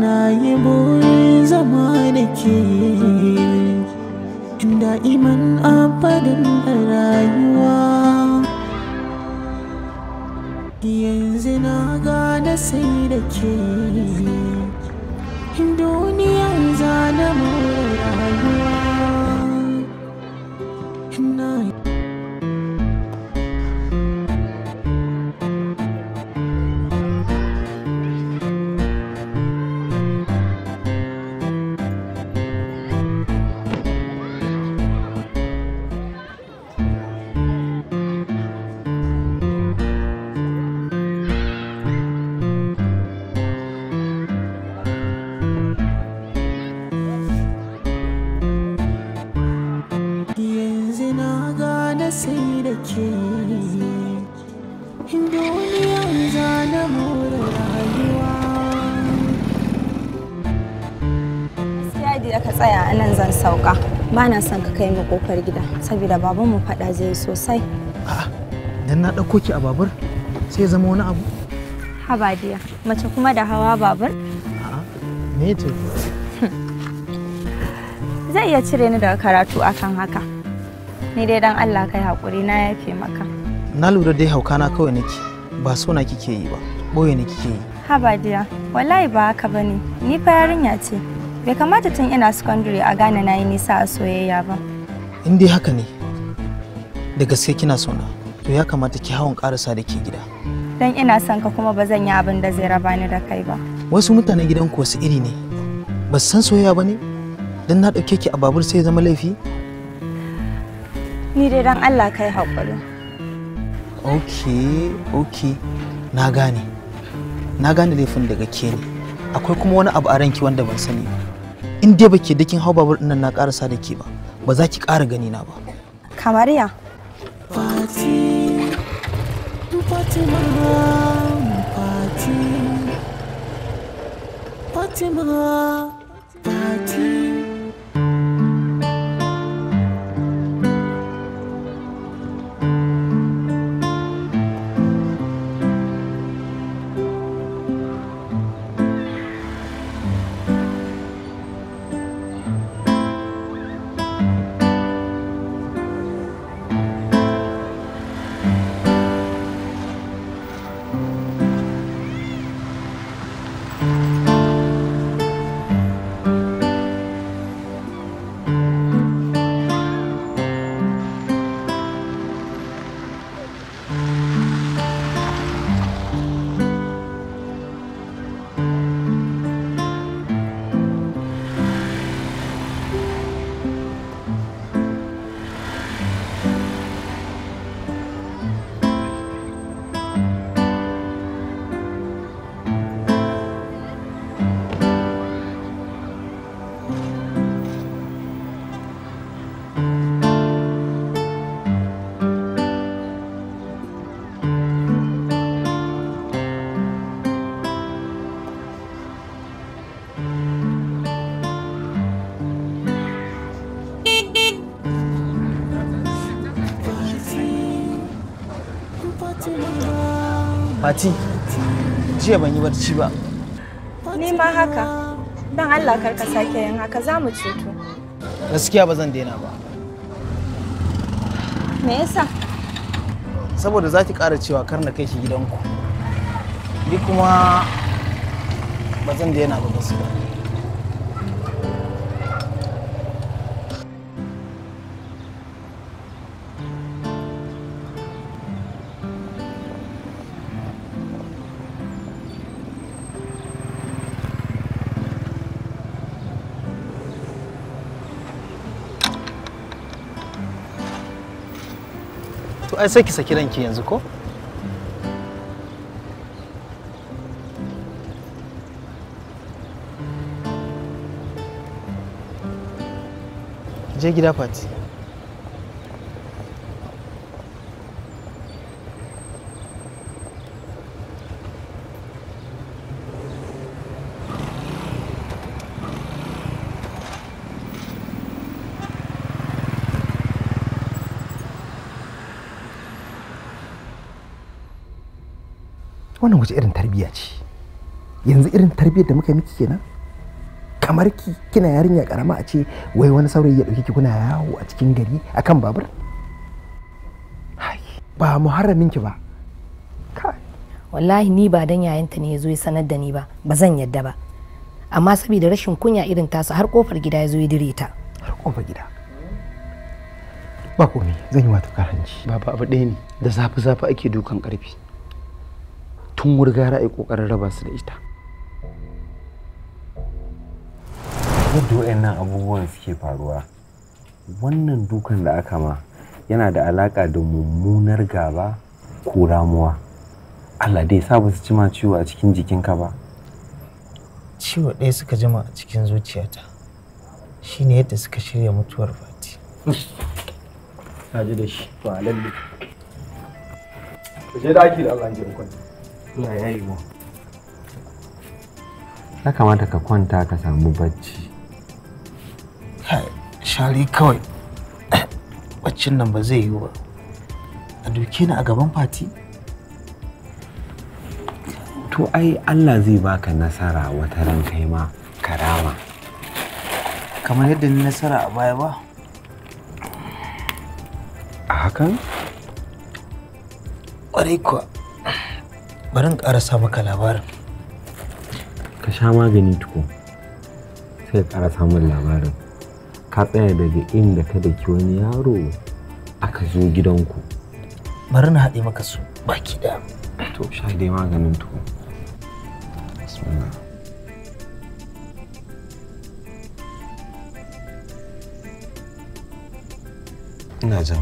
na yi burin zama da ke da'iman abadin a rayuwa yanzu na gada sai da ke enamorarme sauka ba na son ka kai mu kofar gida saboda mu faɗa zai sosai a'a dan na ɗauko ki a babur sai zama wani abu habadiya mace kuma da hawa babur a'a me zai iya cire ni daga karatu akan haka ni dai dan Allah kai hakuri na yafe maka na lura dai hauka na kawai nake ba so na kike yi ba boye ne kike yi habadiya wallahi ba haka bane ni fa yarinya ce bai kamata tun ina secondary a gane na yi nisa a soyayya ba in dai haka ne da gaske kina sona to ya kamata ki hawan karasa da ke gida dan ina son ka kuma ba zan yi abin da zai raba ni da kai ba wasu mutanen gidan ku wasu iri ne ba san soyayya ba ne dan na dauke ki a babur sai zama laifi ni dai dan Allah kai haƙuri. ok ok na gane na gane laifin daga ke ne akwai kuma wani abu a ranki wanda ban sani ba in dai baki da kin hau babur din na karasa da ke ba ba za ki kara gani na ba kamariya Fati, jiya ban yi barci ba. Ni ma haka. don Allah kar ka sake yin haka za mu ceto. Gaskiya ba zan daina ba. Me yasa? Saboda za ki ƙara cewa kar na kai shi gidanku. Ni kuma ba zan daina ba gaskiya. ai sai ki saki ranki yanzu ko je gida fati wannan wace irin tarbiyya ce yanzu irin tarbiyyar da muka miki kenan kamar ki kina yarinya karama a ce wai wani saurayi ya dauke ki kuna yawo a cikin gari akan babur ba muharramin ki ba wallahi ni ba dan yayanta ne yazo ya sanar da ni ba ba zan yadda ba amma saboda rashin kunya irin tasa har kofar gida yazo ya dire ta har kofar gida ba komai zan yi wata karanci babu abu ɗaya ne da zafi zafi ake dukan karfi tun wurga ra'ayi kokarin raba su da ita yadda wayannan abubuwan suke faruwa wannan dukan da aka ma yana da alaƙa da mummunar gaba ko ramuwa Allah dai sa ba su jima ciwo a cikin jikinka ba ciwo ɗaya suka jima a cikin zuciyata shine yadda suka shirya mutuwar fati ta ji da shi ba lalle ku je daki da Allah ya kwanta ya kamata ka kwanta ka samu bacci shari kawai baccin nan ba zai yi ba a duke ni a gaban fati to ai Allah zai baka nasara wata ran kai ma karama kamar yadda ni nasara a baya ba a hakan ƙwarai kuwa bari in ƙarasa maka labarin ka sha magani tuko sai karasa min labarin ka tsaya daga inda ka daki wani yaro aka zo gidanku bari na haɗe maka su baki ɗaya to sha dai maganin tuko ina jin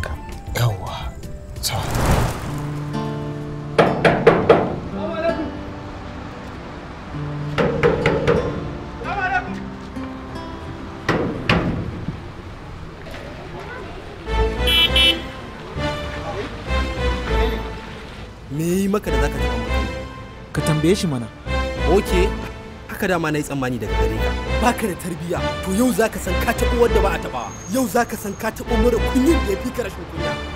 tambaye shi mana oke haka dama na yi tsammani daga gare ka baka da tarbiyya to yau za ka san ka taɓa wadda ba a taɓawa yau zaka san ka taɓa mara kunyin da ya fi ka rashin kunya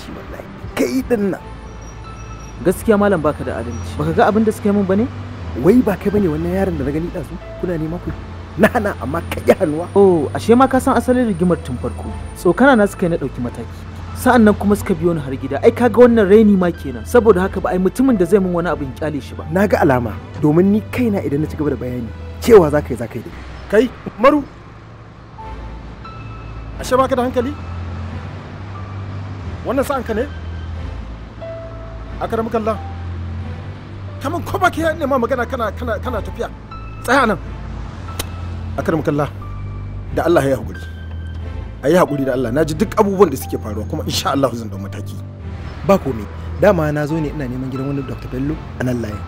adalci wallahi kai din nan gaskiya malam baka da adalci baka ga abin da suka yi min bane wai ba kai bane wannan yaron da na gani ɗazu kuna nema ku na na, amma ka yi hannuwa oh ashe ma ka san asalin rigimar tun farko tsokana na suka yi na ɗauki mataki sa'an nan kuma suka biyo ni har gida ai kaga wannan raini ma kenan saboda haka ba ai mutumin da zai min wani abin kyale shi ba na ga alama domin ni kaina idan na ci gaba da bayani cewa za ka yi za ka yi kai maru ashe ba ka da hankali wannan sa'an ka ne akar kalla kamar kuma ke ya nema magana kana kana kana tafiya tsaya nan akar kalla da Allah ya a yi haƙuri da Allah ji duk abubuwan da suke faruwa kuma insha Allah zan don mataki ba komai dama na zo ne ina neman gidan wani Dr. Bello a nan layin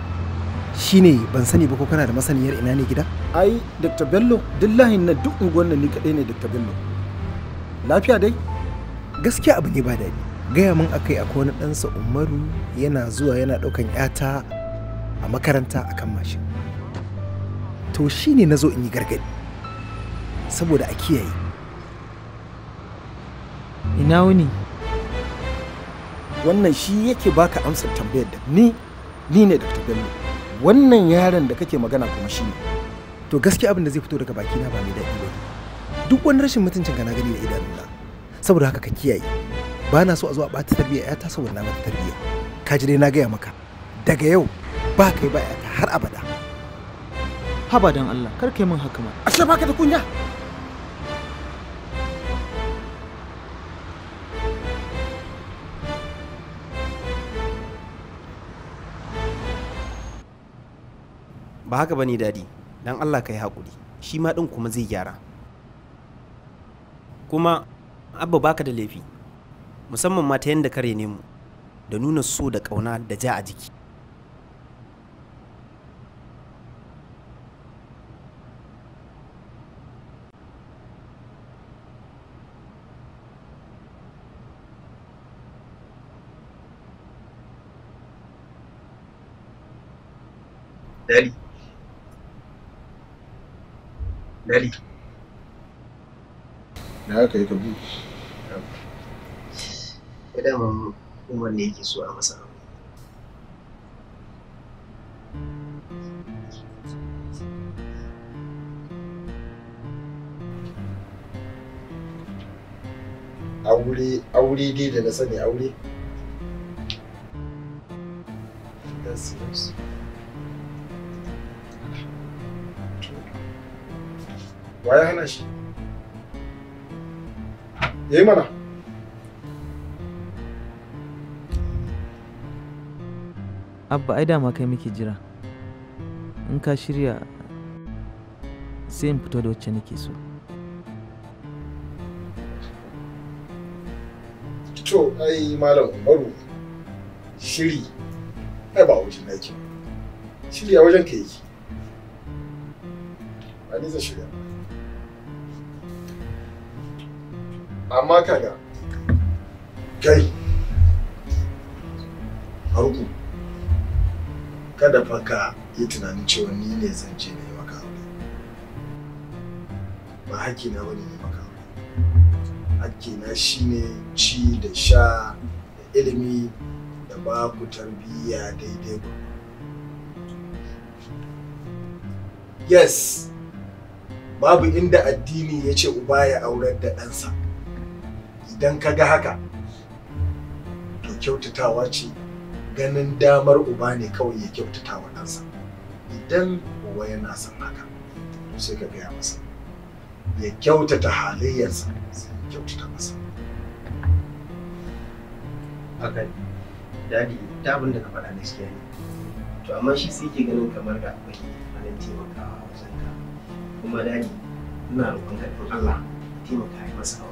shine ban sani ba ko kana da masaniyar ina ne gida ai Dr. Bello duk layin na duk unguwan nan ni kadai ne Dr. Bello lafiya dai gaskiya abu ne ba daɗi gaya min akai akwai wani ɗansa umaru yana zuwa yana ɗaukan yata a makaranta akan mashin to ne na zo in yi gargaɗi saboda a kiyaye ina wuni wannan shi yake baka amsar tambayar da ni ni ne dr bello wannan yaron da kake magana kuma shi ne to gaskiya abin da zai fito daga bakina ba mai daɗi ba duk wani rashin mutuncin ka na gani da idanunna. saboda haka ka kiyaye ba na so a zo a ɓata tarbiyya yata saboda na mata tarbiyya ka ji dai na gaya maka daga yau ba kai ba yata har abada haba dan Allah kar kai min haka ma ashe baka da kunya ba haka ba dadi don allah ka yi shi ma din kuma zai gyara kuma abba baka da laifi musamman mata ta yadda ka rene mu da nuna so da ƙauna da ja a jiki Dali. Dali. da haka yi kabu idan umar ne yake so a masa aure aure dai da na sani aure Why are you ya hana yayi mana abba ai dama kai muke jira in ka shirya sai in fito da wacce nake so to ai malam umaru shiri ai ba wajen aiki shirya wajen ka yake ba ni zan shirya amma kaga kai harku kada fa ka yi tunanin cewa ni ne zan je ne maka aure ba haƙƙi na bane ne maka aure haƙƙi na shine ci da sha da ilimi da ba ku tarbiyya daidai ba. yes babu inda addini ya ce uba ya aurar da ɗansa idan ka ga haka to kyautatawa ce ganin damar uba ne kawai ya kyautata wa ɗansa idan uba yana son haka to sai ka gaya masa ya kyautata halayyarsa sai ya kyautata masa haka dadi ta abin da ka faɗa gaskiya ne to amma shi sai ke ganin kamar da akwai halin taimakawa wajen ka kuma dadi ina roƙon ka Allah taimaka masa a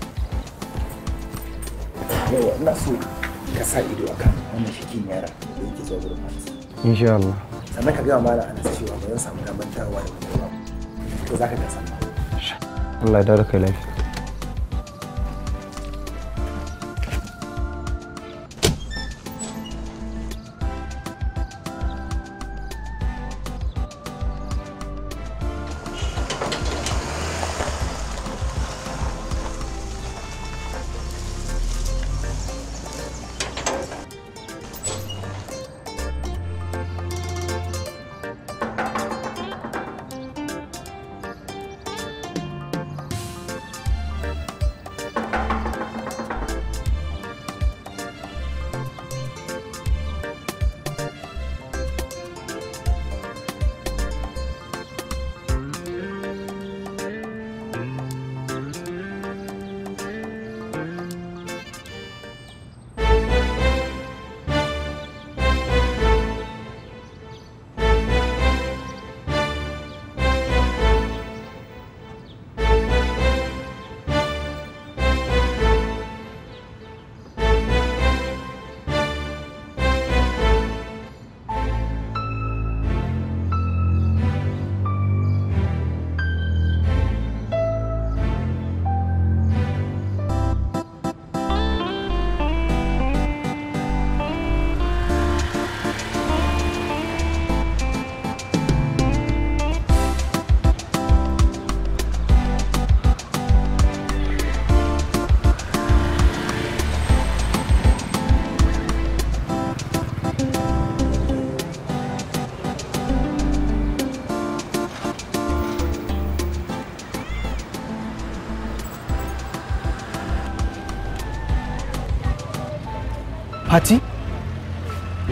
ana so ka sa ido a kan wannan yara da Allah sannan ka gaya Anas cewa samu damar da ba za Allah ya dare kai lafiya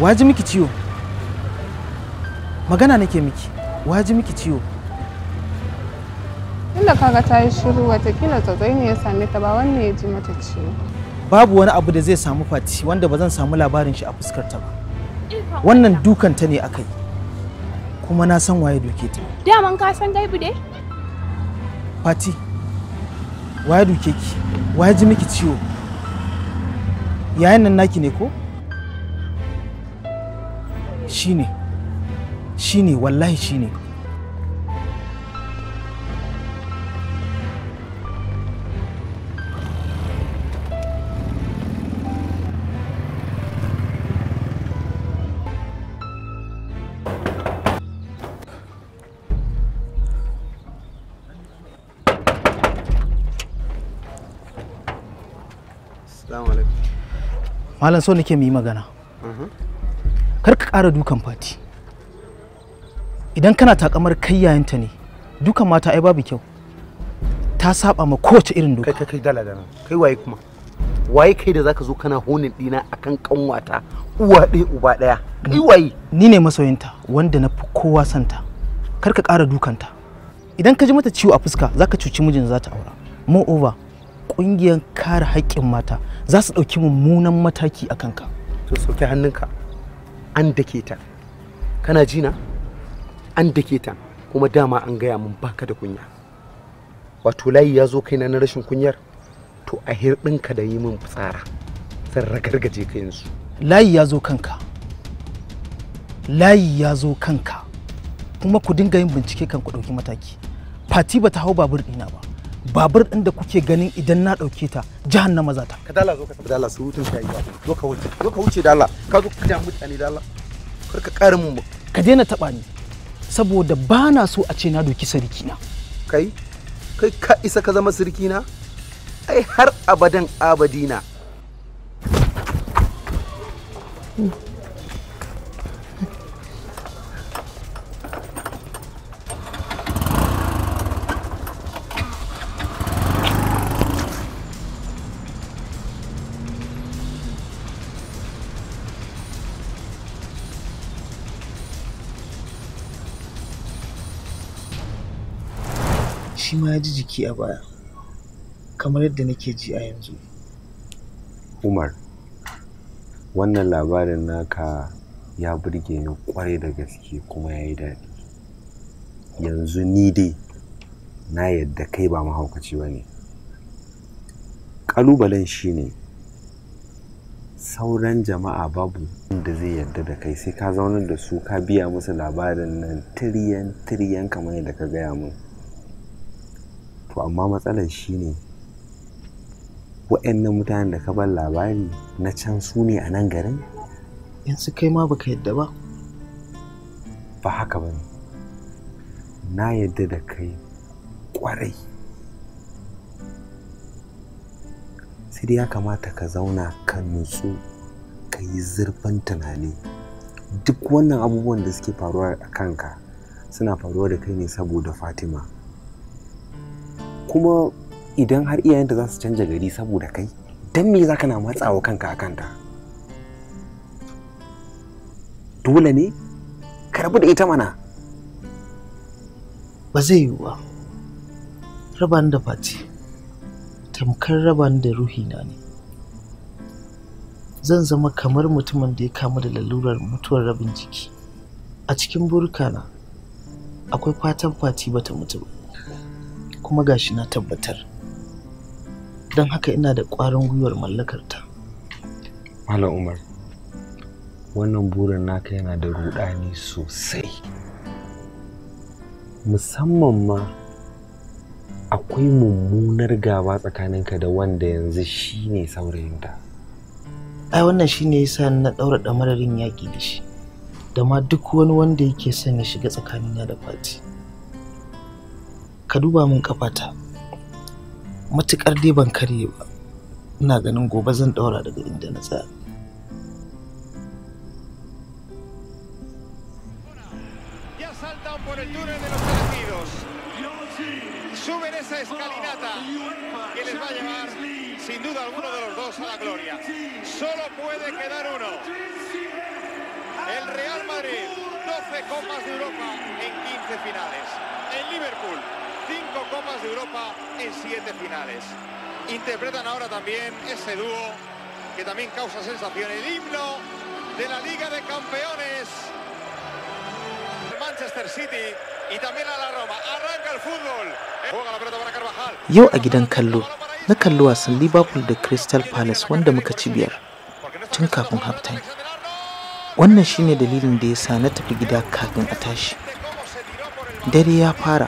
waji miki ciwo magana nake miki waji miki ciwo inda kaga ta yi shiru watakila tsatsai ne ya same ta ba wanne ya ji mata ciwo babu wani abu da zai samu fati wanda ba zan samu labarin shi a fuskar ta ba wannan dukan ta ne aka yi kuma na san waye duke ta daman ka san gaibu dai fati waye duke ki waye ji miki ciwo yayin nan naki ne ko shine shine wallahi shine Malam so nake mu yi magana. Mm-hmm. kar ka ƙara dukan fati idan kana takamar kai yayanta ne dukan mata ai babu kyau ta saba ma kowace irin doka kai kai dala dala kai waye kuma waye kai da zaka zo kana honin dina akan kanwata uwa ɗaya uba ɗaya kai waye ni ne masoyinta wanda na fi kowa santa kar ka ƙara dukanta idan ka ji mata ciwo a fuska zaka cuci mijin za ta aura moreover ƙungiyar kare haƙƙin mata za su ɗauki mummunan mataki a kanka to soke hannunka an dake ta kana jina an dake ta kuma dama an gaya mun baka da kunya wato layi ya zo kaina na rashin kunyar to a hirɗinka da yi min tsara zan ragargaje ka yanzu layi ya zo kanka layi ya zo kanka kuma ku dinga yin bincike kan ku ɗauki mataki fati ba ta hau babur ɗina ba babur ɗin da kuke ganin idan na ɗauke ta jahannama za ta ka dala zo ka tafi dala surutun shayi zo ka wuce zo ka wuce dala ka zo ka mutane dala kar ka ƙara mun ka daina taɓa ni saboda ba na so a ce na doki sarki na kai kai ka isa ka zama sarki na ai har abadan abadina mm. shi ma ya ji jiki a baya kamar yadda nake ji a yanzu umar wannan labarin naka ya burge ni kwarai da gaske kuma ya yi daɗi yanzu ni dai na yadda kai ba mahaukaci ba ne ƙalubalen shi ne sauran jama'a babu inda zai yarda da kai sai ka zaunar da su ka biya musu labarin nan tiriyan tiriyan kamar yadda ka gaya mun to amma matsalar shi ne wa'annan mutanen da ka bar labari na can su ne a nan garin yanzu kai ma baka yadda ba ba haka ba ne na yadda da kai kwarai sai dai ya kamata ka zauna ka nutsu ka yi zurfin tunani duk wannan abubuwan da suke faruwa a kanka suna faruwa da kai ne saboda fatima kuma idan har iyayenta za su canja gari saboda kai don me za ka na matsawa kanka a kanta dole ne ka rabu da ita mana ba zai yiwu ba raba ni da fati tamkar raba ni da ruhina ne zan zama kamar mutumin da ya kama da lalurar mutuwar rabin jiki a cikin burkana akwai fatan fati bata mutu ba kuma gashi na tabbatar don haka ina da ƙwarin gwiwar mallakarta malam umar wannan burin naka yana da rudani sosai musamman ma akwai mummunar gaba tsakaninka da wanda yanzu shine saurayinta ai wannan shine yasa na daura ɗamararin yaki da shi da ma duk wani wanda yake son ya shiga tsakanina da fati Caruba nunca pata. Machicardio bancario. Nada, nunca hubo bastante hora de que intentar. Ya saltan por el túnel de los elegidos. Suben esa escalinata. Que les va a llevar, sin duda alguno de los dos, a la gloria. Solo puede quedar uno. El Real Madrid. 12 Copas de Europa en 15 finales. El Liverpool. Cinco Copas de Europa en siete finales. Interpretan ahora también ese dúo que también causa sensación, el himno de la Liga de Campeones. Manchester City y también a la Roma. Arranca el fútbol. Juega la pelota para Carvajal. Yo a gidan Na Liverpool de Crystal Palace wanda muka ci biyar tun kafin halftime. Wannan shine dalilin da ya sa na tafi gida kafin a tashi. fara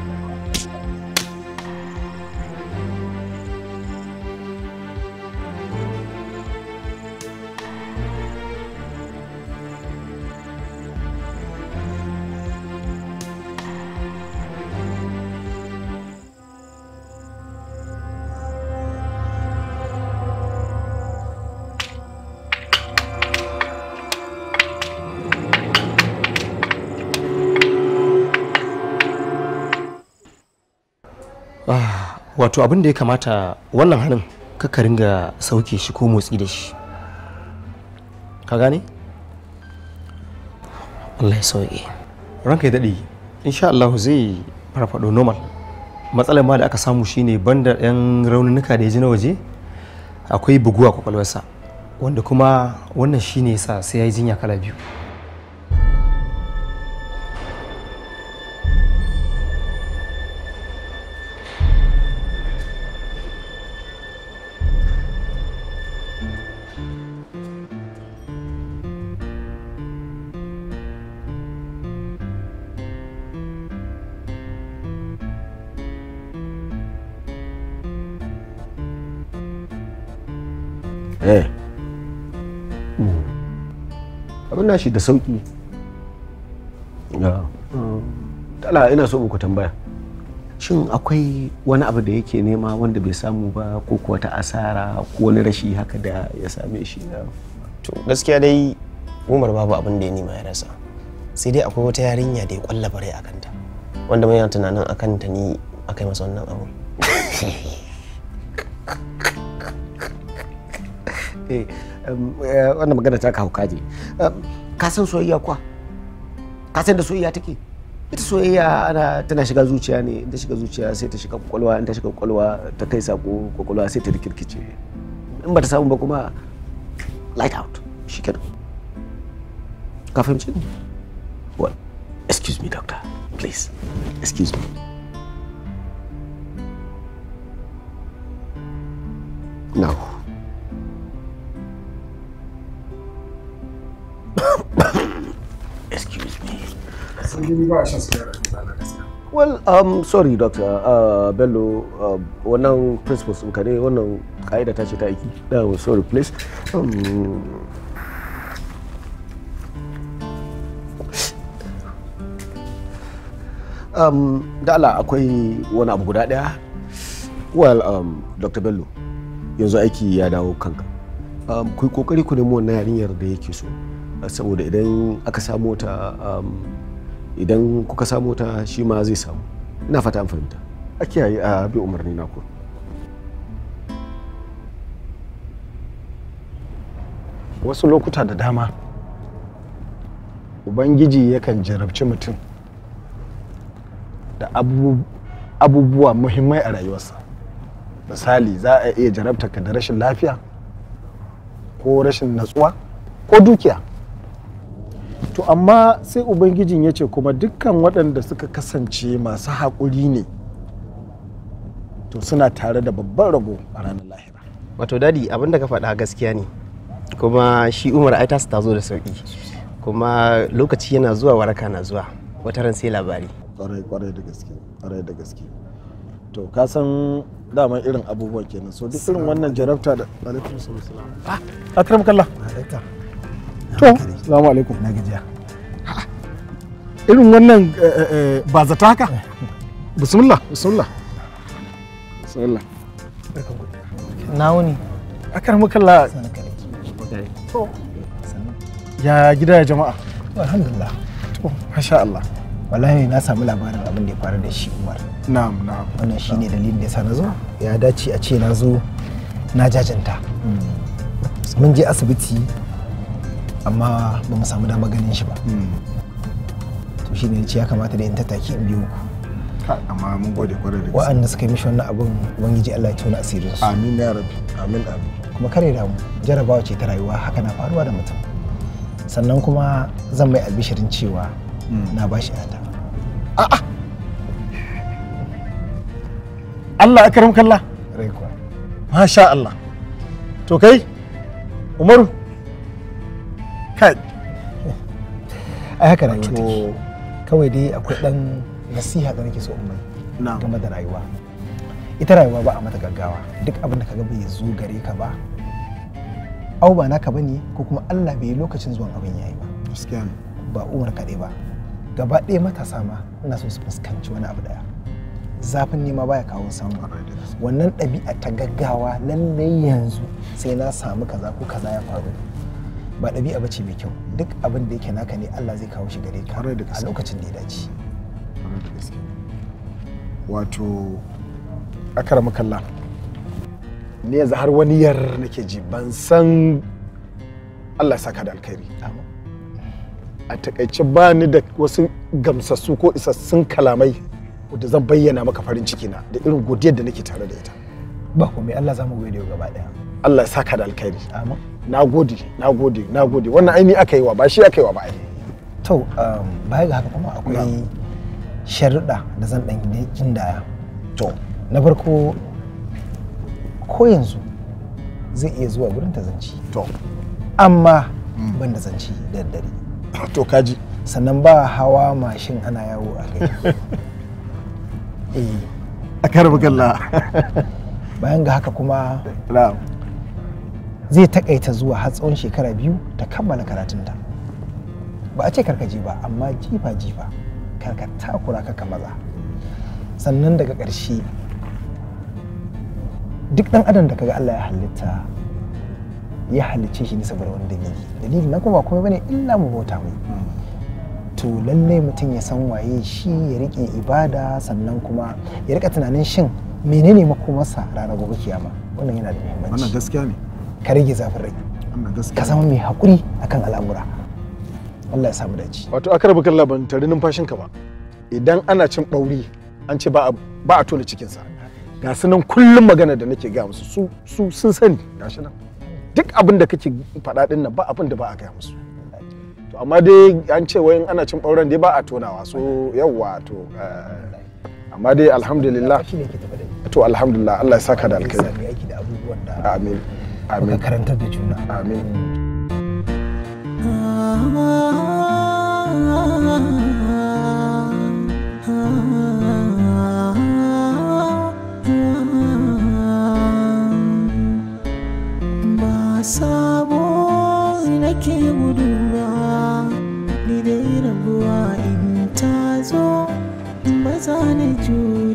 wato abin da ya kamata wannan hannun ka ringa sauke shi ko motsi da shi ka gane Allah ya sauke ranka ya daɗe insha Allah zai farfaɗo normal matsalar ma da aka samu shine banda yan raunuka da ya ji na waje akwai buguwa kwakwalwarsa wanda kuma wannan shine sa sai ya yi jinya kala biyu kunna shi da sauki tala ina so ku tambaya shin akwai wani abu da yake nema wanda bai samu ba ko kuwa ta asara ko wani rashi haka da ya same shi to gaskiya dai umar babu abin da ya nema ya rasa sai dai akwai wata yarinya da ya kwalla bare a kanta wanda mai tunanin a kanta ni akai masa wannan abu eh, um, eh, wannan magana ta ka ka san soyayya kuwa ka san da soyayya take ita soyayya ana tana shiga zuciya ne da shiga zuciya sai ta shiga kwakwalwa in ta shiga kwakwalwa ta kai sako kwakwalwa sai ta rikirkice in ba ta samu ba kuma light out shi kenan ka fahimci ni what excuse me doctor please excuse me now jini ba a shan well um sorry doctor uh, bello uh, wannan principles in ka one wannan ka'ida ta ce ta aiki was um, sorry please um, um Dala, Allah akwai wani abu guda daya well um Doctor bello yanzu aiki ya dawo kanka um, ku yi kokari ku nemo wannan yarinyar da yake so saboda idan aka samu ta um, idan kuka samu ta shi ma zai samu ina fata an fahimta a kiyaye a bi umarni naku wasu lokuta da dama ubangiji yakan jarabci mutum da abubuwa muhimmai a rayuwarsa misali za a iya jarabta ka da rashin lafiya ko rashin natsuwa ko dukiya to amma sai ubangijin ya ce kuma dukkan waɗanda suka kasance masu haƙuri ne to suna tare da babban rago a ranar lahira wato dadi abinda ka faɗa gaskiya ne kuma shi umar ai tasu ta zo da sauƙi kuma lokaci yana zuwa waraka na zuwa wata ran sai labari ƙwarai da gaske da gaske to ka san dama irin abubuwa kenan so duk irin wannan jarabta da alaikum salam akram ah! kallah to salamu alaikum na gajiya irin wannan eh, eh, eh, ba zata haka bismillah bismillah bismillah na wuni akar mukalla ya gida ya jama'a alhamdulillah to masha Allah wallahi na samu labarin abin da ya faru da shi Umar na'am na'am wannan shine dalilin da yasa na zo ya dace a ce na zo na jajanta hmm. mun je asibiti amma ba mu samu damar ganin shi ba hmm. to shine ne ce ya kamata da in tattaki in biyo ku amma mun gode kwarai da gaske wa'anda suka yi mishi wannan abin ubangiji Allah ya tona asirin su amin ya rabbi amin amin kuma kare da mu jarabawa ce ta rayuwa haka na faruwa da mutum sannan kuma zan mai albishirin cewa hmm. na ba shi a'a Allah akram kalla rai kuwa masha Allah to kai Umaru kai haka rayuwa take kawai dai akwai dan nasiha da nake so in mai game da rayuwa ita rayuwa ba a mata gaggawa duk abin da kaga bai zo gare ka ba au ba naka bane ko kuma Allah bai lokacin zuwan abin yayi ba gaskiya ba umar kaɗai ba gaba ɗaya matasa ma ina so su fuskanci wani abu daya zafin nema baya kawo samu wannan ɗabi'a ta gaggawa lallai yanzu sai na samu kaza ko kaza ya faru ba ɗabi'a ba ce mai kyau duk abin da yake naka ne Allah zai kawo shi gare ka a lokacin da ya dace wato kara makalla ni yanzu har wani yar nake ji ban san Allah ya saka da alkhairi a takaice ba ni da wasu gamsassu ko isassun kalamai da zan bayyana maka farin ciki na da irin godiyar da nake tare da ita ba mai Allah za mu gode gaba daya Allah ya saka da alkhairi amin na gode na gode na gode wannan aini aka yi wa ba shi aka yi wa ba aini to um, baya ga haka kuma akwai sharuɗa da zan ɗan gindaya to na farko ko yanzu zai iya zuwa gurin ta zanci to amma mm. ban da zanci da daddare to kaji sannan ba hawa mashin ana yawo a kai eh a karbukalla bayan ga haka kuma zai takaita zuwa har tsawon shekara biyu ta kammala karatunta ba a ce karkaje ba amma jifa jifa karka takura kaka maza sannan daga ƙarshe duk ɗan adam da kaga Allah ya halitta ya halicce shi ne saboda wani dalili dalili na kuma kuma bane illa mu bauta mai to lalle mutum ya san waye shi ya rike ibada sannan kuma ya rika tunanin shin menene makomarsa ranar gobe kiyama wannan yana da muhimmanci wannan gaskiya ne ka rage zafin rai ka zama mai haƙuri akan al'amura Allah ya samu dace wato akar bukar laban tare numfashin ka ba idan ana cin ɓauri an ce ba a tona cikinsa ga sunan kullum magana da nake ga musu su sun sani ga shi nan duk abin da kake faɗa din nan ba abin da ba a gaya musu to amma dai an ce wayan ana cin ɓauren dai ba a tonawa so yawwa to eh, amma dai alhamdulillah to alhamdulillah Allah ya saka da alkhairi amin muka karantar da juna amin sabo nake gudu ba ni dai rabuwa in ta zo na juya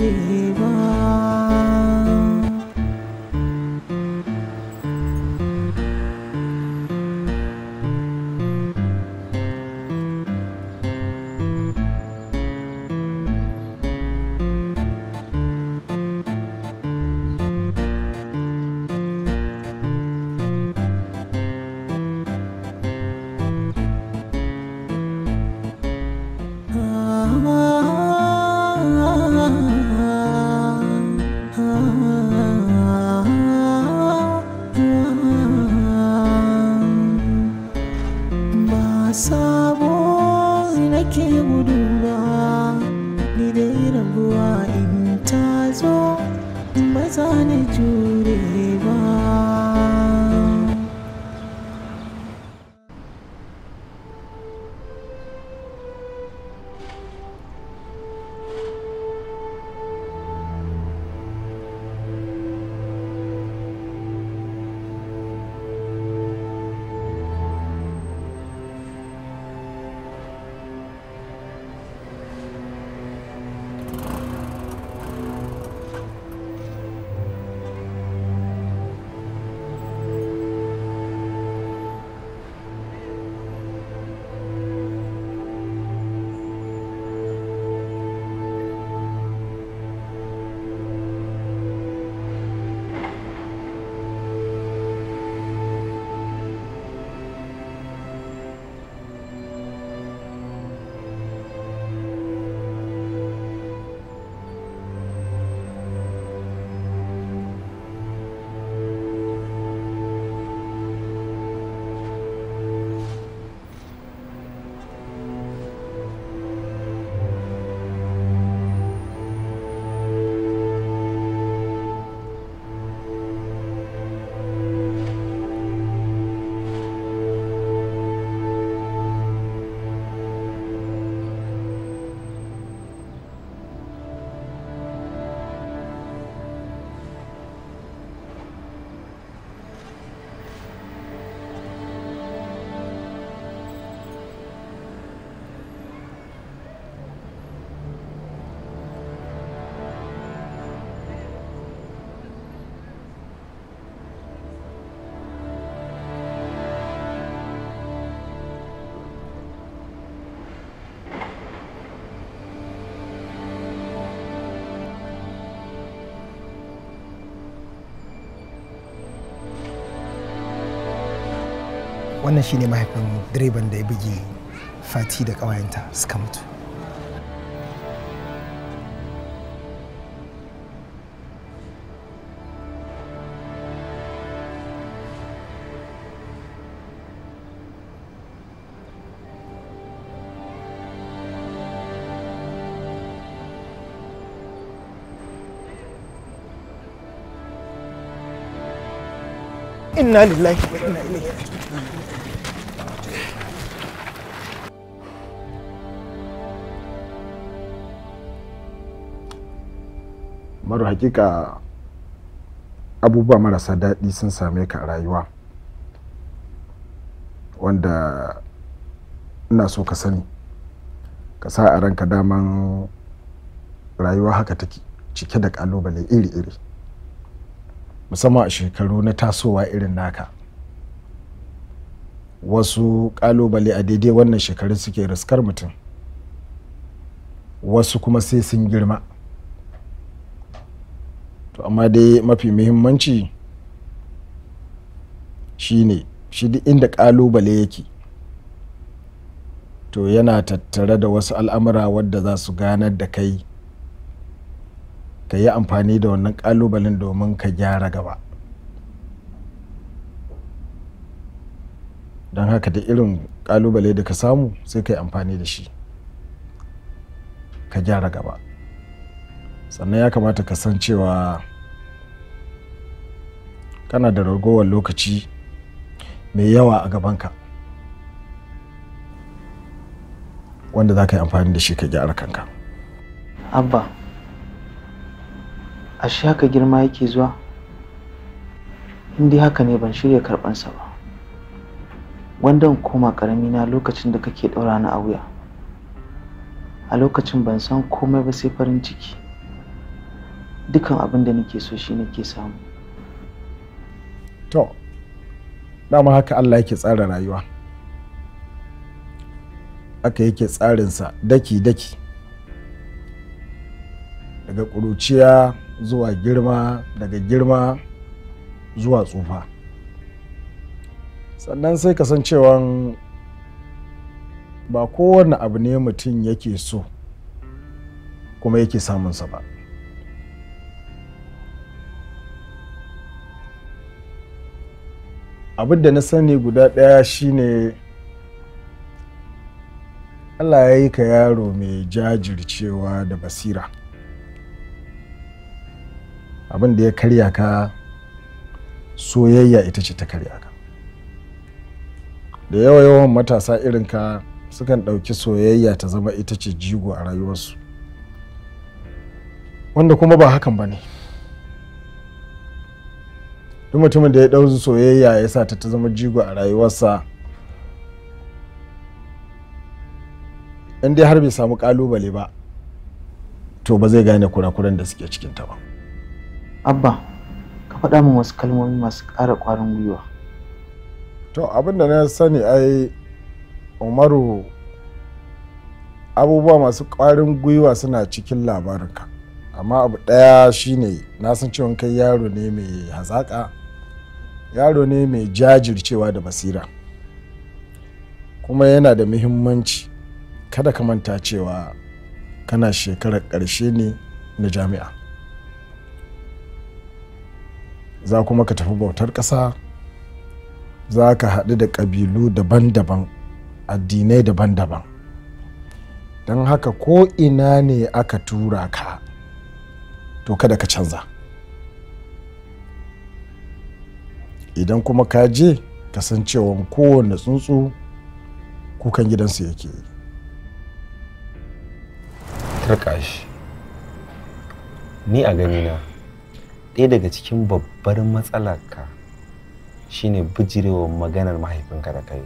wannan shine mahaifin direban da ya bugi fati da ƙawayenta suka mutu inna lillahi wa inna ilaihi Maru hakika abubuwa marasa daɗi sun same ka a rayuwa wanda ina so ka sani ka sa a ranka daman rayuwa haka take cike da ƙalubale iri-iri musamman a shekaru na tasowa irin naka wasu kalubale a daidai wannan shekarun suke riskar mutum wasu kuma sai sun girma to amma dai mafi muhimmanci shine shi duk inda kalubale yake to yana tattare da wasu al'amura wadda za su ganar da kai ka yi amfani da wannan kalubalen domin ka gyara gaba don haka da irin kalubale da ka samu sai ka yi amfani da shi ka gyara gaba sannan ya kamata ka san cewa kana da ragowar lokaci mai yawa a gabanka wanda za ka yi amfani da shi ka gyara kanka abba ashe haka girma yake zuwa indai haka ne ban shirya karɓansa ba gwandan koma ƙarami na lokacin da kake ɗaura ni a wuya a lokacin ban san komai ba sai farin ciki dukan abin da nake so shi nake samu to dama haka allah yake tsara rayuwa aka yake sa daki-daki daga ƙuruciya zuwa girma daga girma zuwa tsufa sannan sai kasancewa ba kowane abu ne mutum yake so kuma yake samun sa ba abin da na sani guda ɗaya shine allah ya yi ka yaro mai jajircewa da basira abin da ya karya ka soyayya ita ce ta karya ka da yawa yawan matasa irin ka sukan ɗauki soyayya ta zama ita ce jigo a rayuwarsu wanda kuma ba hakan ba ne duk mutumin da ya ɗau soyayya ya sa ta ta zama jigo a rayuwarsa in dai har bai samu ƙalubale ba to ba zai gane kurakuran da suke cikin ta ba Abba, ka faɗa min wasu kalmomi masu ƙara ƙwarin gwiwa. To abinda na sani ai Umaru abubuwa masu ƙwarin gwiwa suna cikin labarinka. Amma abu ɗaya shine na san cewa kai yaro ne mai hazaƙa, yaro ne mai jajircewa da basira. Kuma yana da muhimmanci kada ka manta cewa kana shekarar ƙarshe ne na jami'a. za kuma ka tafi bautar ƙasa za ka haɗu da ƙabilu daban-daban addinai daban-daban don haka ko ina ne aka tura ka to kada ka canza idan kuma ka je cewa kowane tsuntsu kukan gidansu yake yi ni a ganina ɗaya daga cikin babbar matsalarka shine bijirewa maganar mahaifinka da kai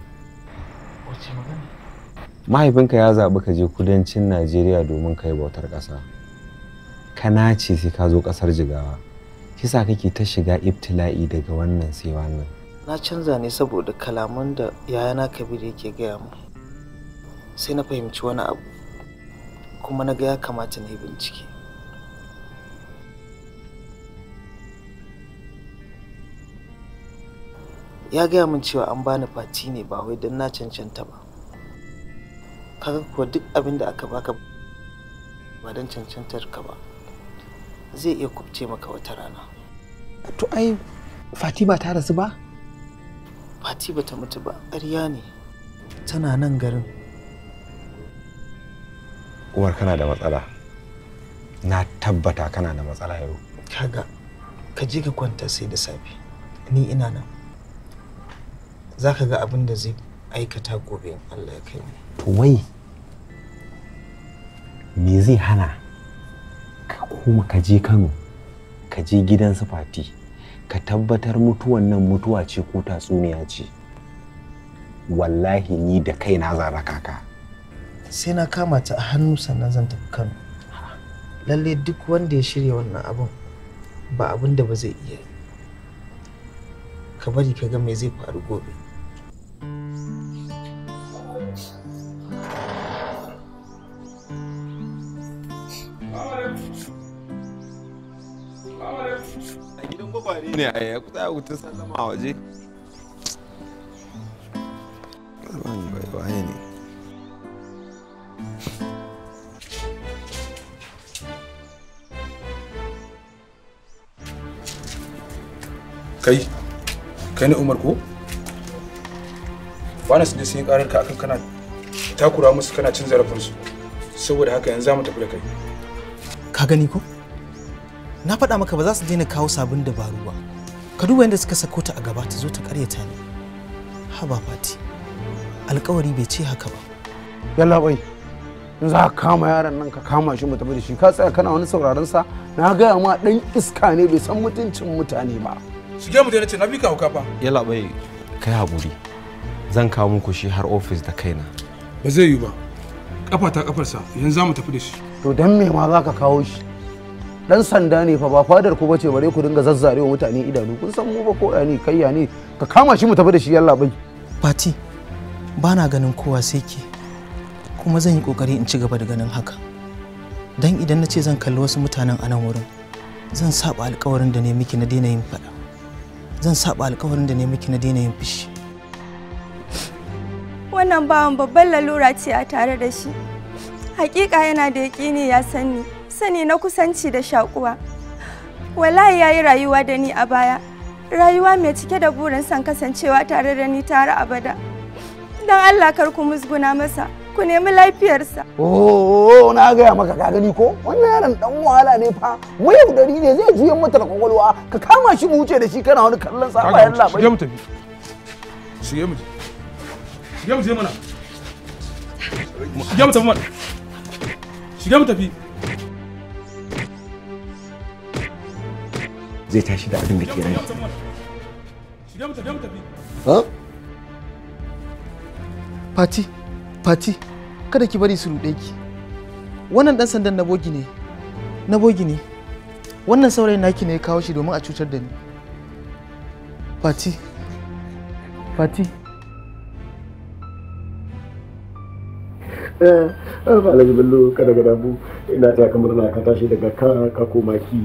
mahaifinka ya zaɓi ka je kudancin najeriya domin ka bautar ƙasa kana ce sai ka zo ƙasar jigawa Kisa kake ta shiga ibtila'i daga wannan sai wannan na canza ne saboda kalaman da yayana kabir yake gaya mu sai na fahimci wani abu kuma na ga ya kamata na yi bincike ya gaya min cewa an bani fati ne ba wai don na cancanta ba kaga kuwa duk abin da aka baka ba don cancantar ka ba zai iya kubce maka wata rana to ai fati ba ta rasu ba fati ba ta mutu ba ƙarya ne tana nan garin uwar kana da matsala na tabbata kana da matsala yau kaga ka je ka kwanta sai da safe ni ina nan za ka ga abin da zai aikata gobe Allah ya kai to wai me zai hana ka koma ka je Kano ka je gidan su Fati ka tabbatar mutuwan nan mutuwa ce ko tatsuniya ce wallahi ni da kaina zara kaka sai na kama ta a hannu sannan zan tafi Kano lalle duk wanda ya shirya wannan abin ba abin da ba zai iya ka bari ka ga me zai faru gobe ne a yi kusa ya kutu sallama zama waje ban bai waye ne kai kai ne umar ko wani su ne sun yi karar ka akan kana takura musu kana cin zarafinsu saboda haka yanzu za mu tafi da kai ka gani ko na faɗa maka ba za su daina kawo sabon dabaru ba ka duba yadda suka sako ta a gaba ta zo ta karyata ni haba fati alkawari bai ce haka ba yalla bai in za ka kama yaron nan ka kama shi mu tafi da shi ka tsaya kana wani sauraron sa na gaya ma dan iska ne bai san mutuncin mutane ba shige mu dai nace na bi ka hauka fa yalla bai kai hakuri zan kawo muku shi har office da kaina ba zai yi ba kafa ta kafarsa yanzu za mu tafi da shi to dan me ma za ka kawo shi dan sanda ne fa ba fadar ku bace bare ku dinga zazzarewa mutane idanu kun san mu ba ko ya ne kai ya ne ka kama shi mu tafi da shi yalla bai fati ba ganin kowa sai ke kuma zan yi kokari in ci gaba da ganin haka dan idan na ce zan kalli wasu mutanen a nan wurin zan saba alkawarin da ne miki na daina yin fada zan saba alkawarin da ne miki na daina yin fishi wannan bawan babban lalura ce a tare da shi hakika yana da yaƙini ya sani sani na kusanci da shakuwa. Wallahi ya yi rayuwa da ni a baya, rayuwa mai cike da burin son kasancewa tare da ni tare abada. Don Allah kar ku musguna masa, ku nemi lafiyarsa. Oh, na gaya maka ka gani ko? Wannan yaron dan wahala ne fa. Mu dari ne zai juyen mata da kwakwalwa. Ka kama shi mu wuce da shi kana wani kallon sa bayan labai. Shige mu tafi. Shige mu. Shige mu je mana. Shige mu tafi mana. Shige mu tafi. zai tashi da abin da ke rai fati fati kada ki bari su ruɗe ki wannan ɗan sandan na bogi ne na bogi ne wannan saurayin naki ne ya kawo shi domin a cutar da ni fati fati eh, Alhaji Bello kada ga damu ina ta kamar na ka tashi daga ka ka koma ki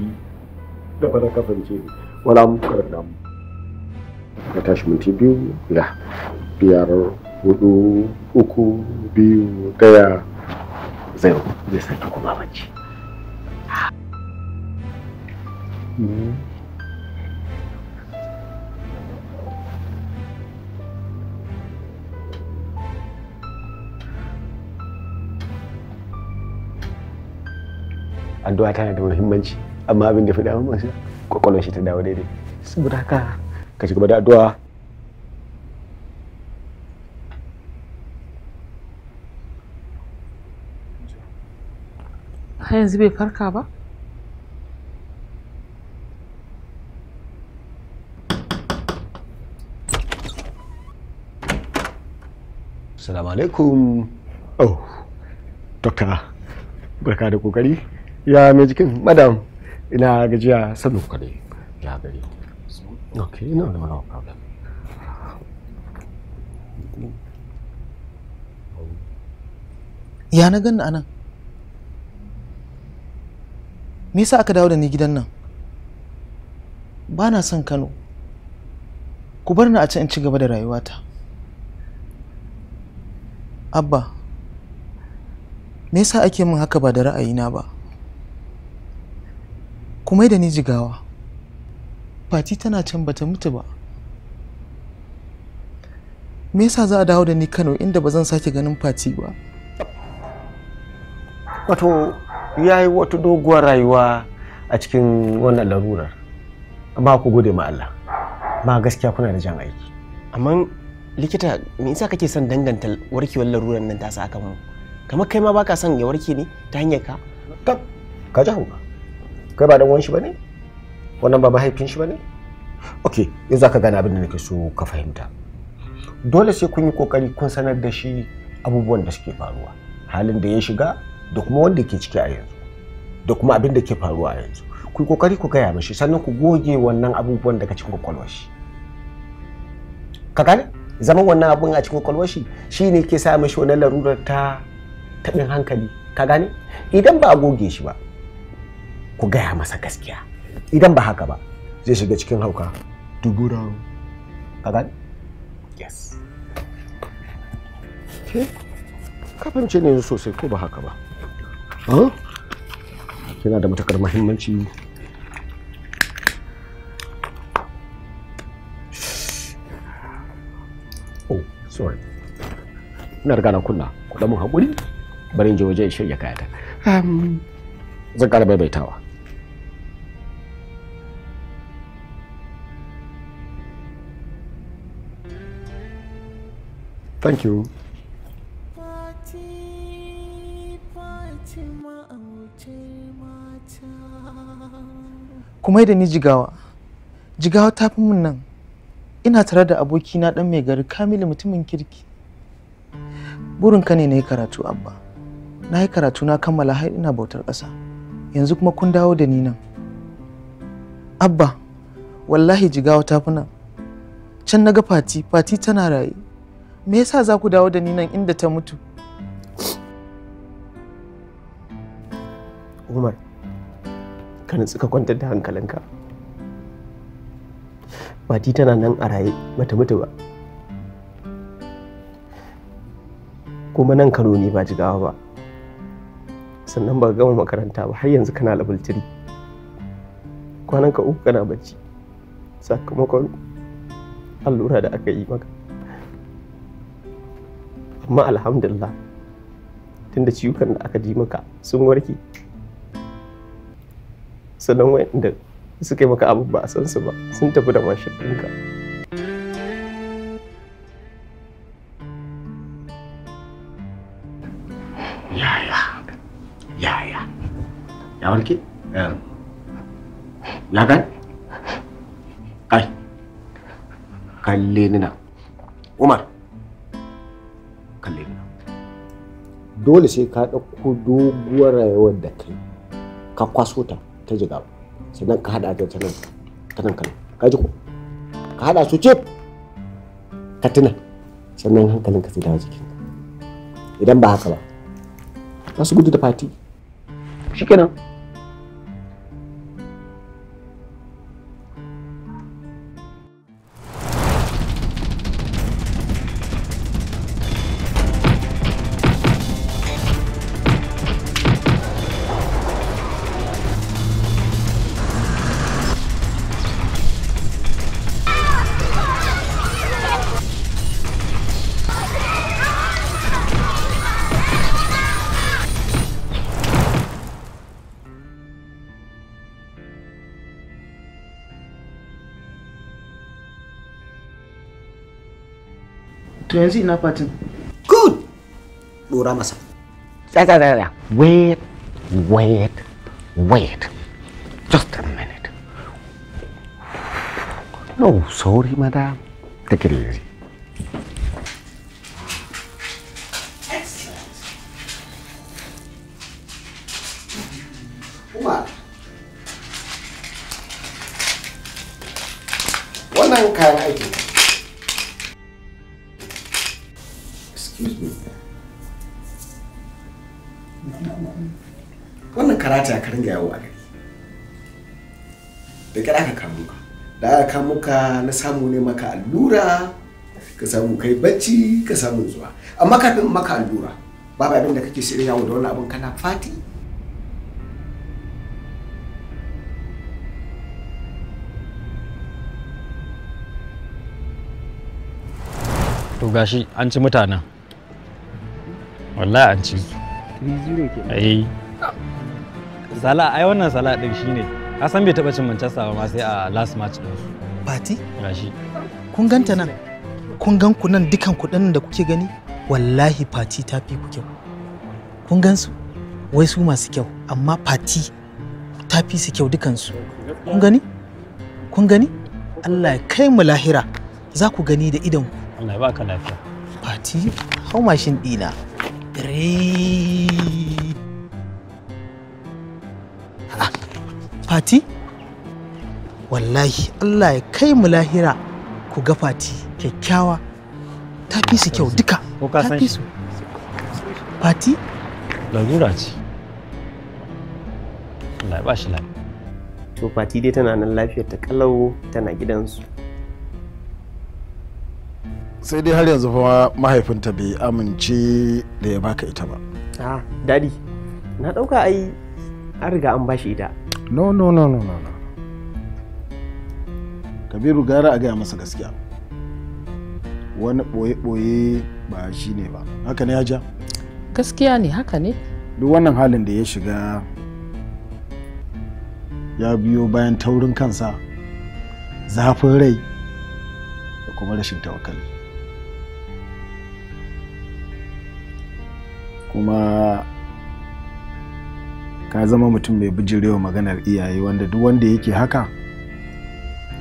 da ba za ka fahimce wala mu karanta mu ka tashi minti biyu da biyar hudu uku biyu daya zai zai sake kuma bacci addu'a tana da muhimmanci amma abin da fi damu masu kwakwalwar shi ta dawo daidai saboda haka ka ci gaba da addu'a har yanzu bai farka ba Assalamu alaikum. Oh, Dokta, barka da kokari. Ya mai jikin, madam. ina gajiya sannu kare ya gari ok ina da problem ya na gan anan me yasa aka dawo da ni gidan nan ba na son kano ku bar ni a can in ci gaba da rayuwata abba me yasa ake min haka ba da ra'ayina ba kuma da ni jigawa fati tana can bata mutu ba me yasa za a dawo da ni kano inda ba zan sake ganin fati ba wato ya yi wata doguwar rayuwa a cikin wannan larurar amma ku gode ma Allah ma gaskiya kuna da jan aiki amma likita me yasa kake son danganta warkewar larurar nan ta sa aka mu kamar kai ma baka son ya warke ne ta hanyar ka ka jahu ba kai ba dan uwan shi bane wannan ba mahaifin shi bane ok yanzu zaka gane abin da nake so ka fahimta dole sai kun yi kokari kun sanar da shi abubuwan da suke faruwa halin da ya shiga da kuma wanda ke ciki a yanzu da kuma abin da ke faruwa a yanzu ku yi kokari ku gaya mashi sannan ku goge wannan abubuwan daga cikin kwakwalwar shi ka gane zaman wannan abun a cikin kwakwalwar shi shine ke sa mashi wannan larurar ta taɓin hankali ka gane idan ba a goge shi ba ku gaya masa gaskiya idan ba haka ba zai shiga cikin hauka dubura ka gani yes ke kafince ne sosai ko ba haka ba yana da matakar mahimmanci oh sorry ina riga na kunna kuɗa mun hakuri bari in je waje in shirya kayata zan bai baibaitawa thank you kuma da ni jigawa jigawa ta fi mun nan ina tare da abokina ɗan mai gari kamilu mutumin kirki burinka ne na yi karatu abba na yi karatu na kammala har ina bautar ƙasa yanzu kuma kun dawo da ni nan abba wallahi jigawa ta fi nan can na ga fati fati tana raye me yasa za ku dawo da ni nan inda ta mutu umar ka nutsu ka kwantar da hankalinka Fati tana nan a raye bata mutu ba kuma nan karo ne ba jigawa ba sannan ba gama makaranta ba har yanzu kana level 3 kwanan ka uku kana bacci sakamakon allura da aka yi maka amma alhamdulillah tunda ciwukan da aka ji maka sun warke sannan wanda suka yi maka abu ba a san su ba sun tafi da mashin ɗinka yaya yaya ya warke ya gan kai kalle ni na umar kalle ni dole sai ka ɗauko doguwar rayuwar da kai ka kwaso ta ta jiga sannan ka haɗa ta nan ta nan kan ka ji ko ka haɗa su ce ka tuna sannan hankalin ka sai dawo jikin idan ba haka ba za su gudu da fati shikenan to yanzu ina fatin good dora masa tsaya tsaya tsaya wait wait wait just a minute no sorry madam take it easy wannan kayan aiki ta ka ringa yawo a gari da kyar ka kamo ka da aka kamo ka na samu ne maka allura ka samu kai bacci ka samu zuwa amma kafin maka allura babu abin da kake shirya yawo da wani abin kana fati to gashi an ci mutanen wallahi an ci 3-0 Sala ai wannan Sala din shine. Ka san bai taba cin Manchester ba ma sai a last match din su. Fati? Gashi. Kun ganta nan. Kun gan ku nan dukan ku da kuke gani wallahi Fati ta fi ku kyau. Kun gan su? Wai su masu kyau amma Fati ta fi su kyau dukansu. Kun gani? Kun gani? Allah ya kai mu lahira za ku gani da idan ku. Allah ya baka lafiya. Fati, hau mashin ɗina. Dare. fati wallahi allah ya kai mu lahira ku ga fati kyakkyawa ta fi su kyau duka ta fi su fati larura ce allah ya ba shi lafiya to fati dai tana nan lafiyar ta kalau tana gidansu sai dai har yanzu fa mahaifinta bai amince da ya baka ita ba Aa, ah, dadi na dauka ai an riga an bashi ita no no no no no kabiru gara a gaya masa gaskiya wani ɓoye-ɓoye ba shi ne ba haka ne ja gaskiya ne haka ne duk wannan halin da ya shiga ya biyo bayan taurin kansa zafin rai da kuma rashin tawakali kuma ka zama mutum mai bijirewa maganar iyaye wanda duk wanda yake haka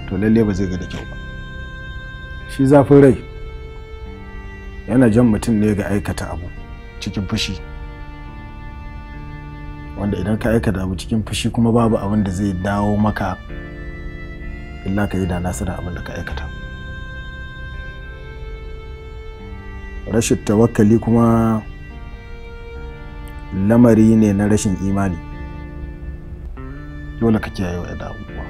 to lalle ba zai ga da kyau ba shi zafin rai yana jan mutum ne ga aikata abu cikin fushi wanda idan ka aikata abu cikin fushi kuma babu abin da zai dawo maka illa ka yi da nasu da abin da ka aikata rashin tawakali kuma lamari ne na rashin imani dole ka kiyaye wa da abubuwa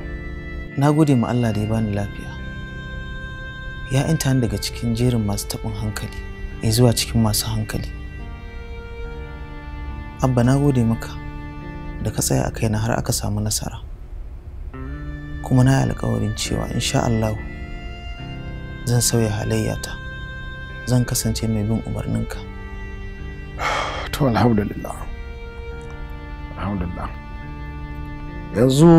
na gode ma Allah da ya bani lafiya ya inta daga cikin jerin masu taɓin hankali ya zuwa cikin masu hankali abba na gode maka da ka tsaya a kaina har aka samu nasara kuma na yi alkawarin cewa insha Allah zan sauya halayyata zan kasance mai bin umarninka. to alhamdulillah alhamdulillah yanzu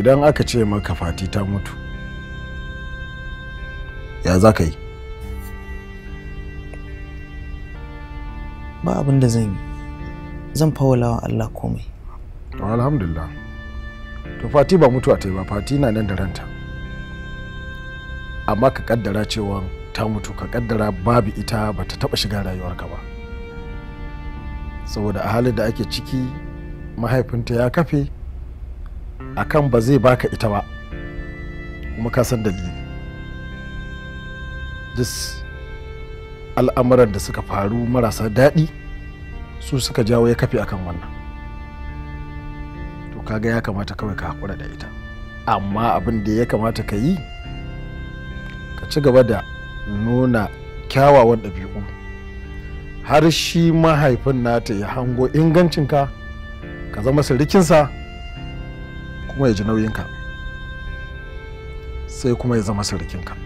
idan aka ce maka fati ta mutu ya za ka yi ba abin da zan yi zan fawalawa Allah komai to alhamdulillah to fati ba mutuwa ta yi ba fati na nan da ranta amma ka kaddara cewa ta mutu ka kaddara babu ita ba ta taba shiga rayuwarka ba saboda a halin da ake ciki mahaifinta ya kafe akan ba zai baka ita ba kuma ka san dalili duk al'amuran da suka faru marasa daɗi su suka jawo ya kafe akan wannan to kaga ya kamata kawai ka haƙura da ita amma abin da ya kamata ka yi ka ci gaba da nuna kyawawan ɗabi'u har shi mahaifin nata ya hango ingancinka ka zama sirrikinsa kuma ya ji nauyinka sai kuma ya zama sirrikinka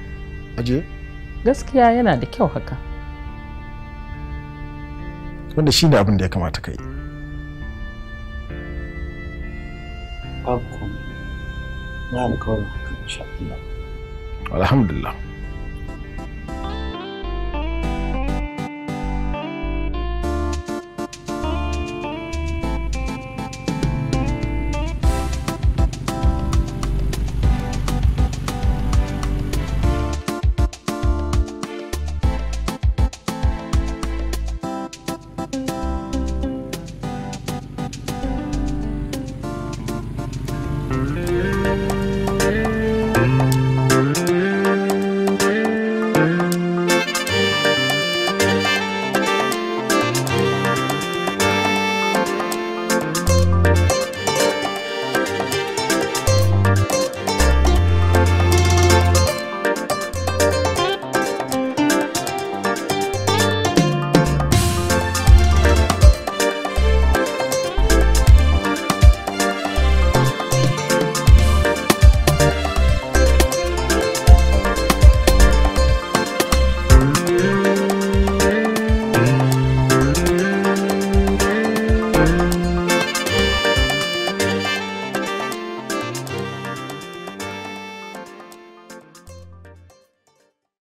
aje gaskiya yana da kyau haka wanda shi ne abin da ya kamata ka yi na alkawarin hakan alhamdulillah